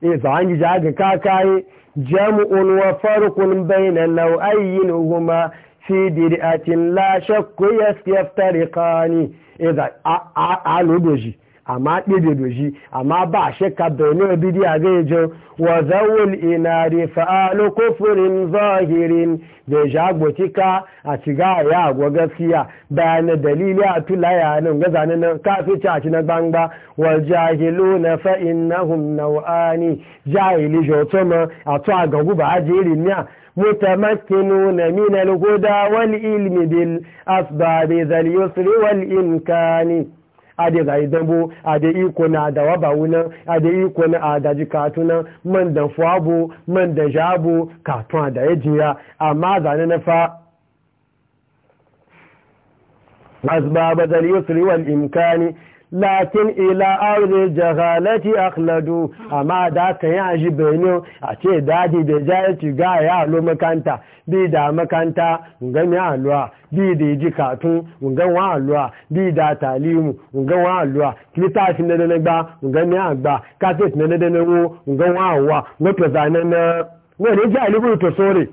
a za an yi jaga kakaye جمع وفرق بين نوعينهما في درئة لا شك يفترقان إذا عالو دوجي amma ɗebe doji amma ba shakka domin bidiya zai jo wa zawul inari fa'alu kufurin zahirin da jagotika a ciga ya agwa gaskiya bayan dalili a tula yanin gaza nan kafi caci na gbangba wa jahilu na fa'in na nau'ani jahili jotoma a to a gagu ba a jerin ya متمكنون من الهدى والعلم wani ذا ka ni. ade zai dambo ade iko na adawa ba wuna ade iko na adaji katuna man da fuabo man da jabo katun da yajiya amma zane na fa asbaba dal yusri wal imkani lakin ila aure jahalati akhladu amma da kan yi aji benin a ce daji da jayarci ga ya alo makanta bi da makanta ngan ya aluwa bi da ji katun ngan wa aluwa bi da talimu ngan wa aluwa kilitashi na ne gba ngan ya gba kaset na dana wo ngan wa awa na to zanen ne wani ji alibu to sore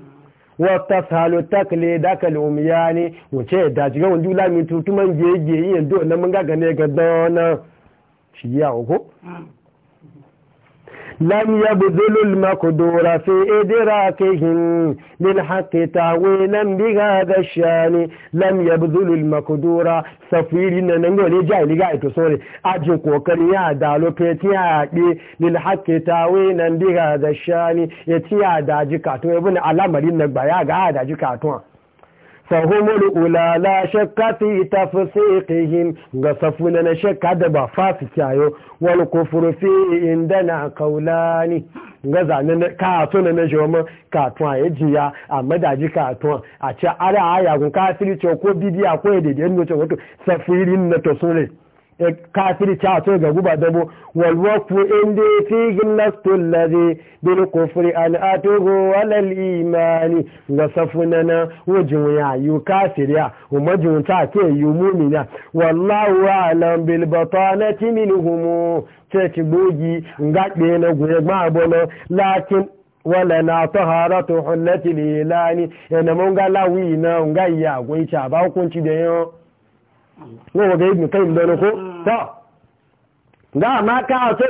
wata salo takle da kalumiya ne wuce da jiga wani jula mai tutuman gege yin do na mun gagane ga dona shi ya uku لم يبذلوا المقدور في إدراكهم للحق تعوينا بهذا الشان لم يبذلوا المقدور سفيرنا نقول جاهل قاعد سوري أجوك وكريا دالو بيتياك للحق تعوينا بهذا الشان يتي عداجي كاتو يبني على مريم نقبايا قاعد عداجي كاتوان fahimul ulala shakka fi tafsiqihim ga safuna na shakka da ba fasu kyayo wal kufru fi indana qaulani ga zanen ka to na joma ka to a jiya amma da ji ka to a ce ara aya gun kafiri ko bidiya ko da da wato safirin na to sune E, kafirci a ga guba dabo walwafu inda fi gimnastun lare bil kufri an atuhu walal imani ga safunana wajin yayu kafiriya kuma junta ke yi mumina wallahu alam bil batanati minhum ce ci bogi ngaɗe na gure gbagbolo lakin wala na taharatu hullati lilani yana e, mun ga lawi na ngai ya gwai ba hukunci da yau wọ́n wọ́n gẹ́ ibùn kẹ́yìn bẹ́ẹ̀ lóko tọ́ dáa máa ká ọ̀tọ́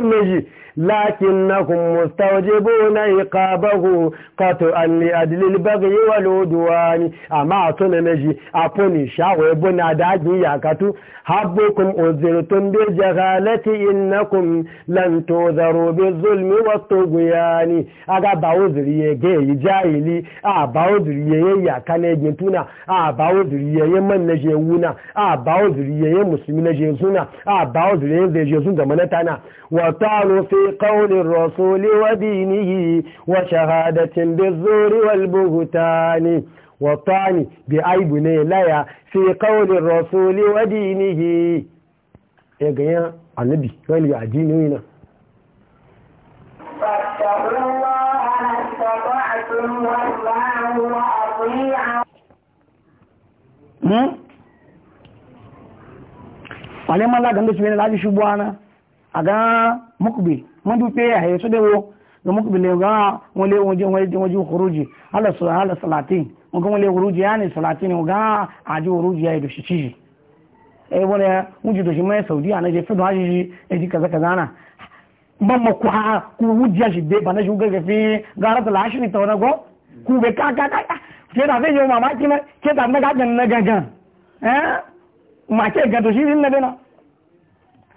لكنكم مستوجبون إقابه قطعا لأدل البغي والعدوان أما تنمجي أبني شاوي بنا داجي يكتو حبكم أذرتم بالجهالة إنكم لن تؤذروا بالظلم والطغيان أغابا أذري جاي جايلي أبا أذري يكالي جنتونا أبا أذري من نجيونا أبا أذري مسلمين أغا أبا أذري جيزون دمانتانا وطالوا في بقول الرسول ودينه وشهادة بالزور والبهتان والطعن بأيب نيليا في قول الرسول ودينه يا جماعة النبي قال يا ديني هنا فاتقوا الله ما استطعتم واسمعوا واطيعوا wale mala ganda shi ne laji shubuwa na a ga mukbe madupe ya haye su wo ga muku bile ga wale waje waje waje khuruji ala su hala salatin mun ga wale khuruji yani salatin ga aji khuruji yayi dushi ciji eh wala wuji dushi mai saudi ana je fido haji eh di kaza kaza na ban ma ku ha ku wuji shi be bana shi ga fi gara da lashini ta wani go ku be ka ka ka ke da zai je mamaki na ke da na ga na gagan eh ma ke ga dushi din na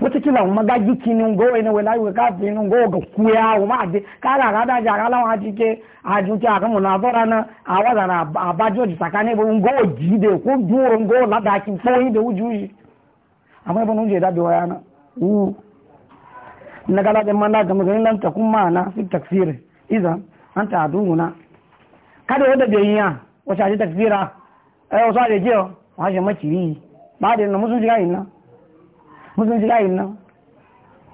watakila magaji kini ngo ene wela iwe ka fi ngo ga kuya o ma de kara ga da ja ga la wa jike aju ti aka muna dora na awa da na ji di sakane bo ngo ji de ko duro ngo la da ki fo yi de uju yi amma ibn ya da bi waya na u na gala de manda ga ta na fi takfir idan ji takfira eh je wa ba de na musu ji ga musulunci layin nan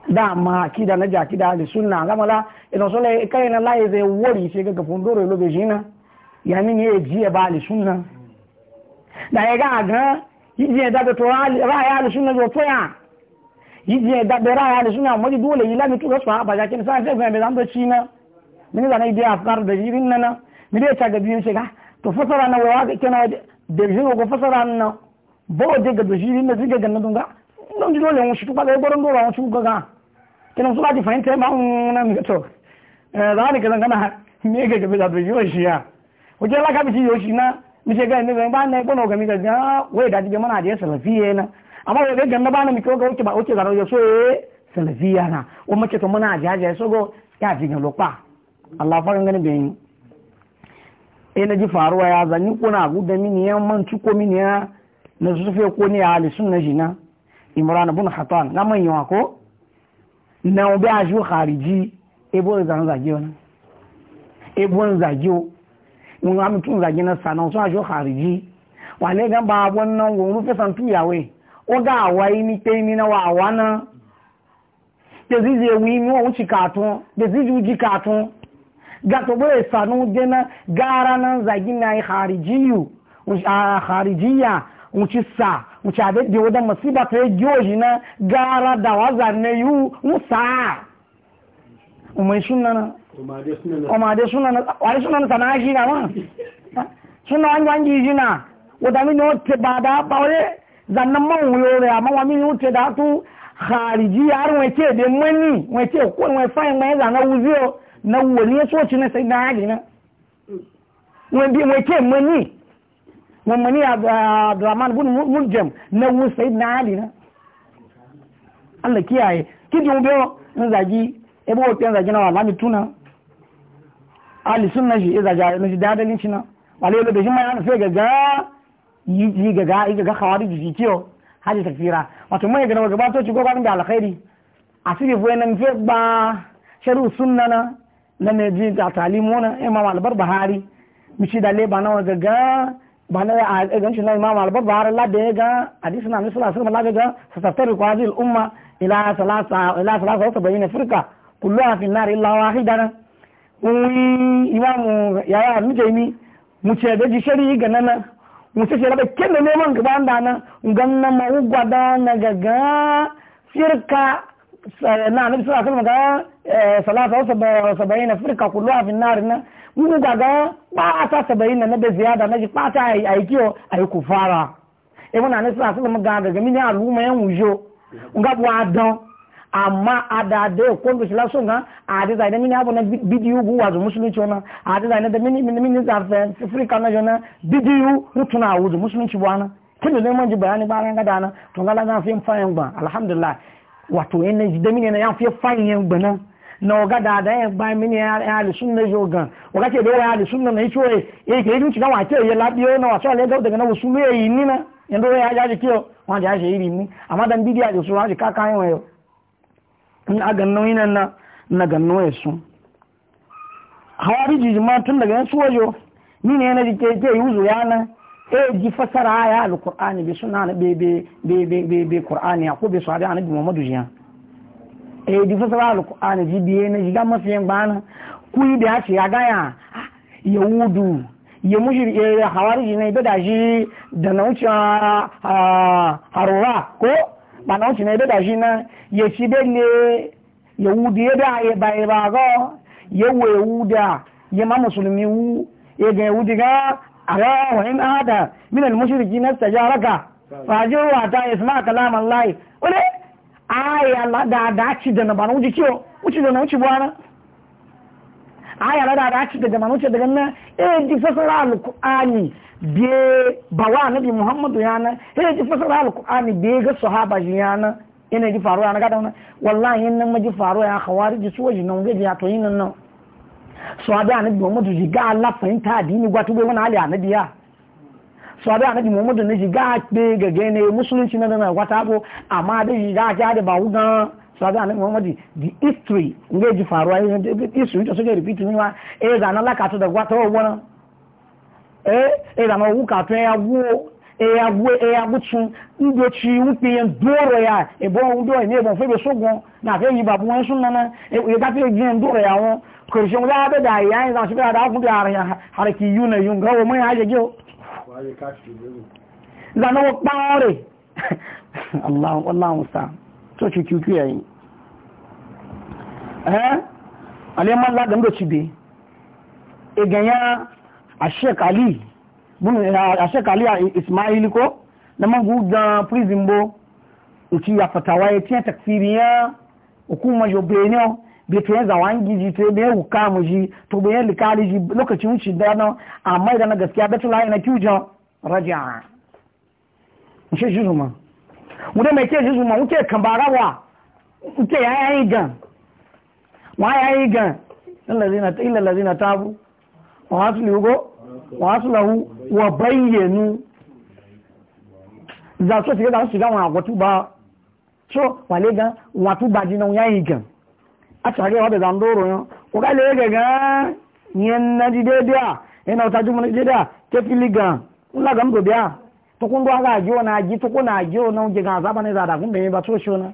dama akida na jakida da sunna gamala idan a kai na layi zai wari ya lobe jina ya min ya jiya ba ali da ya to yi lami to gasu ba jakin sai da na na ga biyu to fasara na wa da ko fasara na na na don ji dole shi tukpa zai gwaron dora wasu gaga kinan su lati fahimta ma un na mi to za ni kinan kana me ga eh, gabe da yo shi ya wajen laka bi yo shi na mi ce ga ne ga ba na gbono ga mi ga ga wai da ji mana na amma ga ga na ba na mi ba so na o mace to mana aja so go ya Allah fa na ji faruwa ya zanyi kuna gudan man ya na su ko ne imran ibn hatan na manyan wako na obi a ju khariji ebo zan zage wani ebo zage wọn a mutum zage na sana sun a ju khariji wa le gan ba wannan wo mu fesan tuyawe o ga awai ni pe ni na wa awana de zizi ewi mi won ci katun de zizi uji katun ga na gara nan zage na kharijiyu a wuce a daɗe wadda masiba ta yi giyoji na gara da waza na yi musa umar sana shi na ma suna wani wani wadda mini wata ba da zannan man wuyo da mini wata da hariji har wace da mani ko wai fayin mai zana wuziyo na wani ya soci na sai na hajji na mani mummuni abdurrahman bin muljam na wu sayid na ali na Allah kiyaye kiji mu biyo in zagi ebe wo piyan zagi na wa lami tuna ali sunna shi iza e ja na e shi dadalin shi na wale lo da shi mai ana sai gaga yi gaga yi gaga khawari ji kiyo haji takfira wato mai gana gaba to ci go ban da alkhairi asibi fo nan fe ba sharu sunna na na ne ji ta talimuna imam al-barbahari mishi da le ba na gaga بني اذن شنو الامام على باب الله ديغا حديثنا عن الرسول صلى الله عليه وسلم ستفترق هذه الامه الى ثلاثه الى ثلاثه وسبعين فرقه كلها في النار الا واحدا امام يا يا مجيمي مشهد شري غنانا مشهد لك كن نمان غبان دانا غنانا وغدانا غغا فرقه نعم الرسول صلى الله عليه وسلم آه، ثلاثه وسبعين فرقه كلها في النار ngu gaga kpata saba'in na da ziyada na ji kpata a yi a yi kufara e muna ne sa sila mga daga mini aluma nga buwa don amma a da da ya kwanto shi laso nga a da zai da mini abu na bidiyo gu da zai da mini mini mini zafe na jona bidiyo mutuna a wuzo musulunci buwana kilo ne man ji bayani ba ran gada na to ngala na fi fayin ba alhamdulilayi. wato yan ne da mini fi fayin yan gbanan na oga da da ya ba mini ya alisun na jo gan oga ke da ya alisun na yi choye e ke yi chiga wa ke ya labiyo na wa so le ga daga na usulu e yi ni na ya ya ji kiyo wa ja ji iri ni amma dan bidi ya so wa ji ka kan yo a na na ganno ya su hawari ji ma tun daga ni ne na ji ke ke ya na e ji fasara ya bi sunna be be be be qur'ani muhammadu eh di fasara alqur'ani ji biye na jiga masu yin bana ku yi da ce ya gaya yahudu ya mushi ya hawariji ne da shi na wuce harura ko yawa yahuda ya ma musulmi wu ya ara wa in ada min al mushriki nastajaraka fajiru ta isma kalam allah ole aya la da ci da na ba wuce ciwo wuce da na wuce buwana aya la da ci da na wuce daga na eh ji fasara alqur'ani be bawa nabi muhammadu yana eh ji fasara alqur'ani be ga sahaba yana ina ji faruwa na gadauna wallahi yin nan maji faruwa ya khawari ji suwaji nan gaji ya to yin nan so abi anabi muhammadu ji ga Allah fahimta dini gwatu bai wona hali anabi ya sabi anabi muhammadu na shiga pe gage ne musulunci na dana wata abu amma da shiga ta da ba wuga sabi anabi muhammadu the history nga ji faruwa eh, eh, eh, history ta suke repeat ni wa eh da na lakatu da wata wona eh e da na wuka to ya wo e ya wo e ya butun ndo chi wupe yan doro ya e bo ndo e ne bo fe be sogun na fe yi babu wọn sun nana e, e ga fe jin doro ya wọn korishin wa da da yayin za su da da kun da haraki yuna yun ga wo mun ya je ìlànà wọ́n pa wọ́n rẹ̀ aláhùnsá tó ṣe kíkú ẹ̀yìn ẹ́ alẹ́mọ́ lágbàmí ló ti dé ìgẹ̀yàn àṣẹ́kàlì àṣẹ́kàlì ismaili kó na mọ́ gúgan prison bó ìkíyà fàtàwáyé tí ẹ̀ tàkfìrí yẹn òkú mọ́ yóò bitin zawan giji to me hu kamu ji to yanzu likali ji lokacin wuce da nan amma idan na gaskiya betu la ina kiujo raja shi shi zuma wanda mai ke shi zuma wuke kambarawa wuke ya yayi gan wa yayi gan allazina illa ta tabu wa aslihu wa aslahu wa bayyanu za so ti ga su ga wa ba, so wale gan wa tuba ya yayi gan a cage wata zandoro yin ƙoƙali ya gaga yin na jidediya yana wata jimu na jidediya ke filigan ńlá gan bò bíà tukun do ala ajo na aji tukun na ajo na oje gan azaba ne zada kun bẹyẹ ba tó ṣo na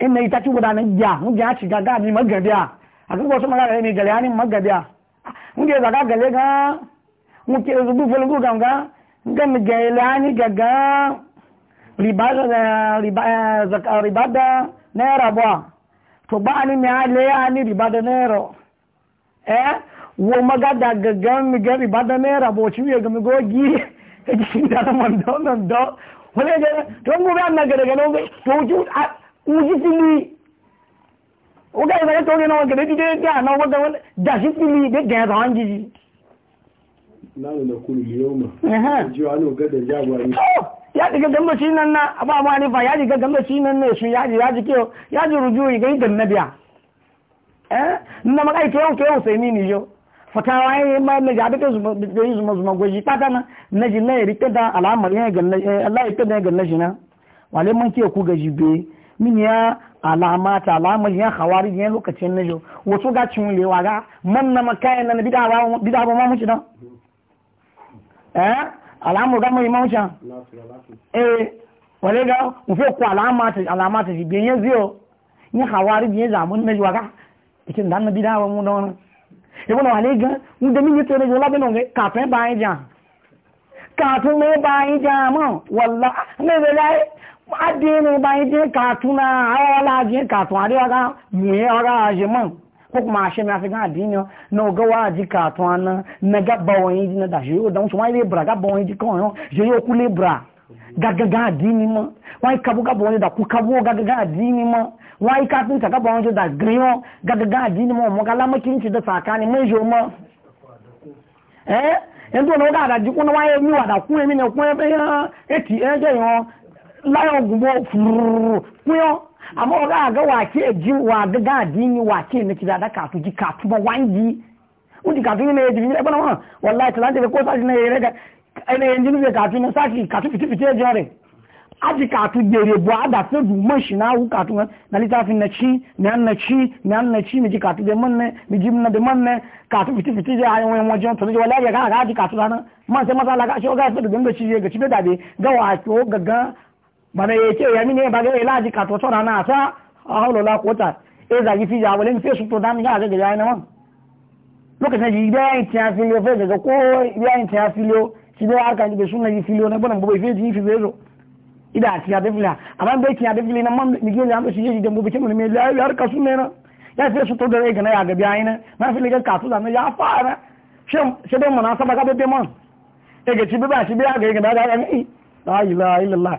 ina ita ti wuda na ja n jẹ ati gaga ni maga bíà akíkọ sọmọ lára ẹni gẹlẹ ani maga bíà n jẹ zaga gẹlẹ gan n kẹ ẹzùgbù fẹlẹ gbù gan gan n gẹ mi gẹlẹ ani gangan to ba ni me ale eh wo maga da gaggan mi ga riba da naira bo ci ga mi gogi <laughs> e ji da man do nan do wani ga to mu ba na ga daga no to ju uji fili o ga ina to ne no ga de de da na wa ga da shi fili de ga da han ji na na kullu yoma eh ji wa no ga da jagwa ni ya ga gamba shi nan na ba ma ne ya yaji ga gamba shi nan ne shi yaji yaji ke ji rujuyi ga idan nabiya eh na magai ke yau ke sai ni yo fatawa ya ma na ga duka zuma da yi zuma zuma goji ta na na ji na rike da alamar ya eh, Allah ya kada ganna shi na wale man ke ku gaji be min ya alama ta alamar ya khawari ne lokacin na yo wato ga cin lewa ga man na makai na bid'a ba ma mu shi na eh alamu ga mai mawuce eh wale ga ufe ku alama ta alama ta bi yin ziyo ni hawari bi zamun na jiwa ga ikin dan na bidawa mu don ibn wale ga mu da min yato ne jola bin ga kafin bayan ja kafin mai bayan ja mu walla ne da lai adini bayan ja katuna awala je katun ari aga mu ya aga je mu ko kuma ashe mi afegan adini na oga wa ji ka to ana na ga ba won yi na da shi o dan so wa ile bra ga ba won ji kan yo je yo ku le bra ga ga ga adini mo wa ka bu ga ba won da ku ka bu ga ga ga adini mo wa ka tin ta ga ba won da griyo ga ga ga adini mo mo ga makin ci da sakani mun jo mo eh en to no ga da ji ku na wa ye mi wa da ku mi ne ku e ti e je yo láyọ̀ ògùnbọ̀ fúrúrú pín ọ́ amma wa ga wake ji wa ga gadini wake ne kida da katu ji katu ba wangi uji katu ne ji ne bana wa wallahi talanta ko sa ne yere ga ene yanji ne katu ne saki katu fiti fiti je re aji katu jere bo ada fe du mashi na wu katu na litafin na chi ne an na chi ne an na chi ne ji katu de manne ne ji na de manne katu fiti fiti je ayi won wajen to ne wallahi ga ga aji katu na man sai masala ga shi ga fe du ganga chi ga chi be da be ga wa ko ga ga bana ya ce yami ne ba ga ilaji ka to tsara na ta a haulo la kota e zagi fi jawo len fesu to dan ga ga ya na man lokacin ji da yin tiya filo fe daga ko ya yin tiya filo shi da aka ji sunna ji filo na bana bobe fe ji fi bezo ida tiya da filo amma bai tiya da filo na man mi ge lamdo shi ji da bobe kenan me la ya ka sunna na ya fesu to da ga na ya ga biya ina na filo ga ka to da na ya fara shin shi da munasaba ga bebe man e ga ci bi ba ci bi ga ga da ga ni la ilaha illallah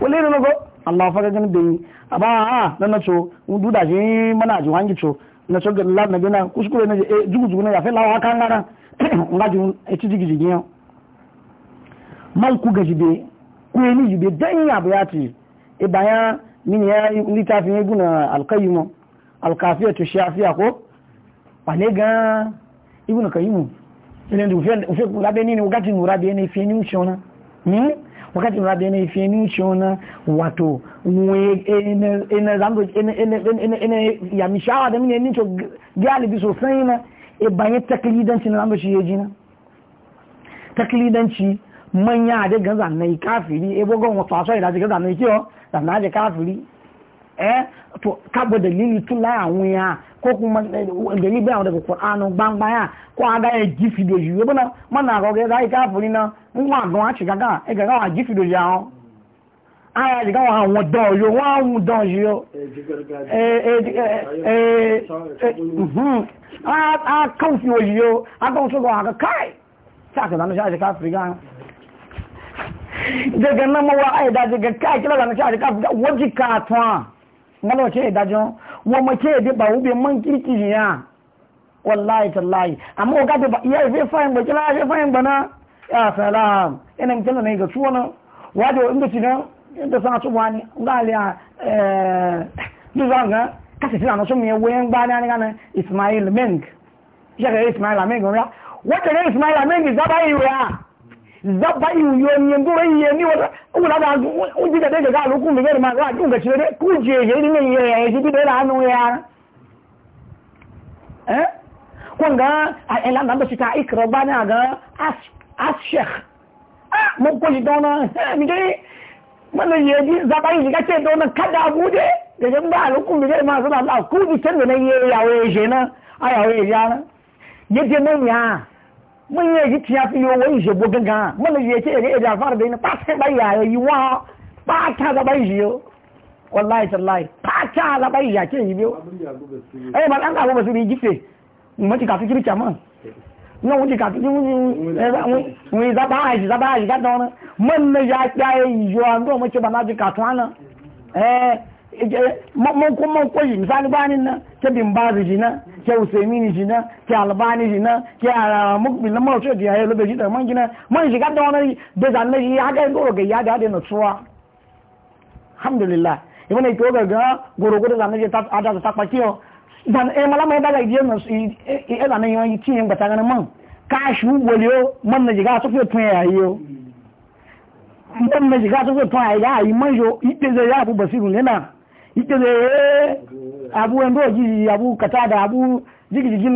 wale na nago Allah fa ganin da yi amma a nan na so mun duda shi mana ji wangi so na so ga Allah na gina kuskure na eh jugu jugu na ya fa lawa kan ngara nga ji e ci jigi ni ji be dan ya bu ya ti e baya min ya litafi ne guna alqayyim alkafiyatu shafiya ni ni ugati nurabe ni fe ni wakati mradi ene ifyeni shona watu ene zambo ene ya mishawa da mine nicho gali bi sosai e na e banye taklidanci na zambo shi yeji na manya da ganza na kafiri e bogon wasu aso ida ji ganza na kiyo da na ji kafiri eh to kabo dalili tun la awon ya ko kuma gari bai daga Qur'anin bangbaya ko an ga ji fido yi bana mana ga ga ga ka furi na nwa gan a chiga ga e ga ga ji fido ya on aya ji ga wa won don yo wa won don yo eh eh eh mhm a a kan fi o yo a kan so ga kai sa ka nan ja ka furi ga daga nan mawa ai da daga wa mace da ba ube man kirki ya wallahi tallahi amma ga da ba iya zai fahim ba kila zai fahim bana ya salam ina mutala ne ga suwana wajo inda cinan inda sana su wani ga aliya eh duzanga kasi tana so mi wen ba na ngana ismail meng ya ga ismail meng ra wata ne ismail meng zaba yi ya zaba yunye ngoroye niwata ukulada unjikateke kalo kumbikele makati ungachilele kujeje ilingeyeya yechipidela anuya eh kwanga elanga ndo chita ikra bana aga as as sheikh ah moko jidona eh, ngai mana yeji zaba yunye kache dona kada bude gaje mbalo kumbikele masala Allah kujitende na yeya weje na aya weje na yedemenya mun yi ji tiya fi yowa yi shebo gaga mana yi ce ere ere afar bai na pata bai ya yi wa pata da bai jiyo wallahi tallahi pata da bai ya ke yi biyo eh ma dan ka ba su bi gife mun ti ka kirkiya man na wuce ka fi mun eh, za ba shi za ba shi ga don mun na ya ya yi yo an do mun ce ba na ji ka tuana eh mankun manko yi misali bani na, ke bin bazu jina ke usaimini jina ke albani jina ke mukbilin mawacin da ya yi lobe jina man gina man shiga da wani da zanen shi haka yi goro gayya da hada na tsuwa alhamdulillah ibi na ito gaga goro goro zanen shi ta ta ta kwakiyo dan eh malama ya daga idiyar nasu eh e, e, zanen yawan yi cinye gbata ganin man kashi waliyo man na shiga su tun yayi yau man na shiga su tun yayi man yo ipe zai ya abu basiru yake da abu wanda waje abu kata da abu jigijigin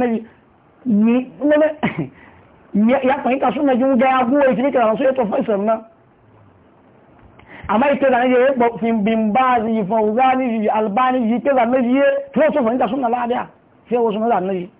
nabi ya fahimta suna jin ga abu wai tuni kana so ya to faisal na amma ita da ne ba fin bin bazi fauzani albani yake da ne to so fahimta suna ladiya sai wasu na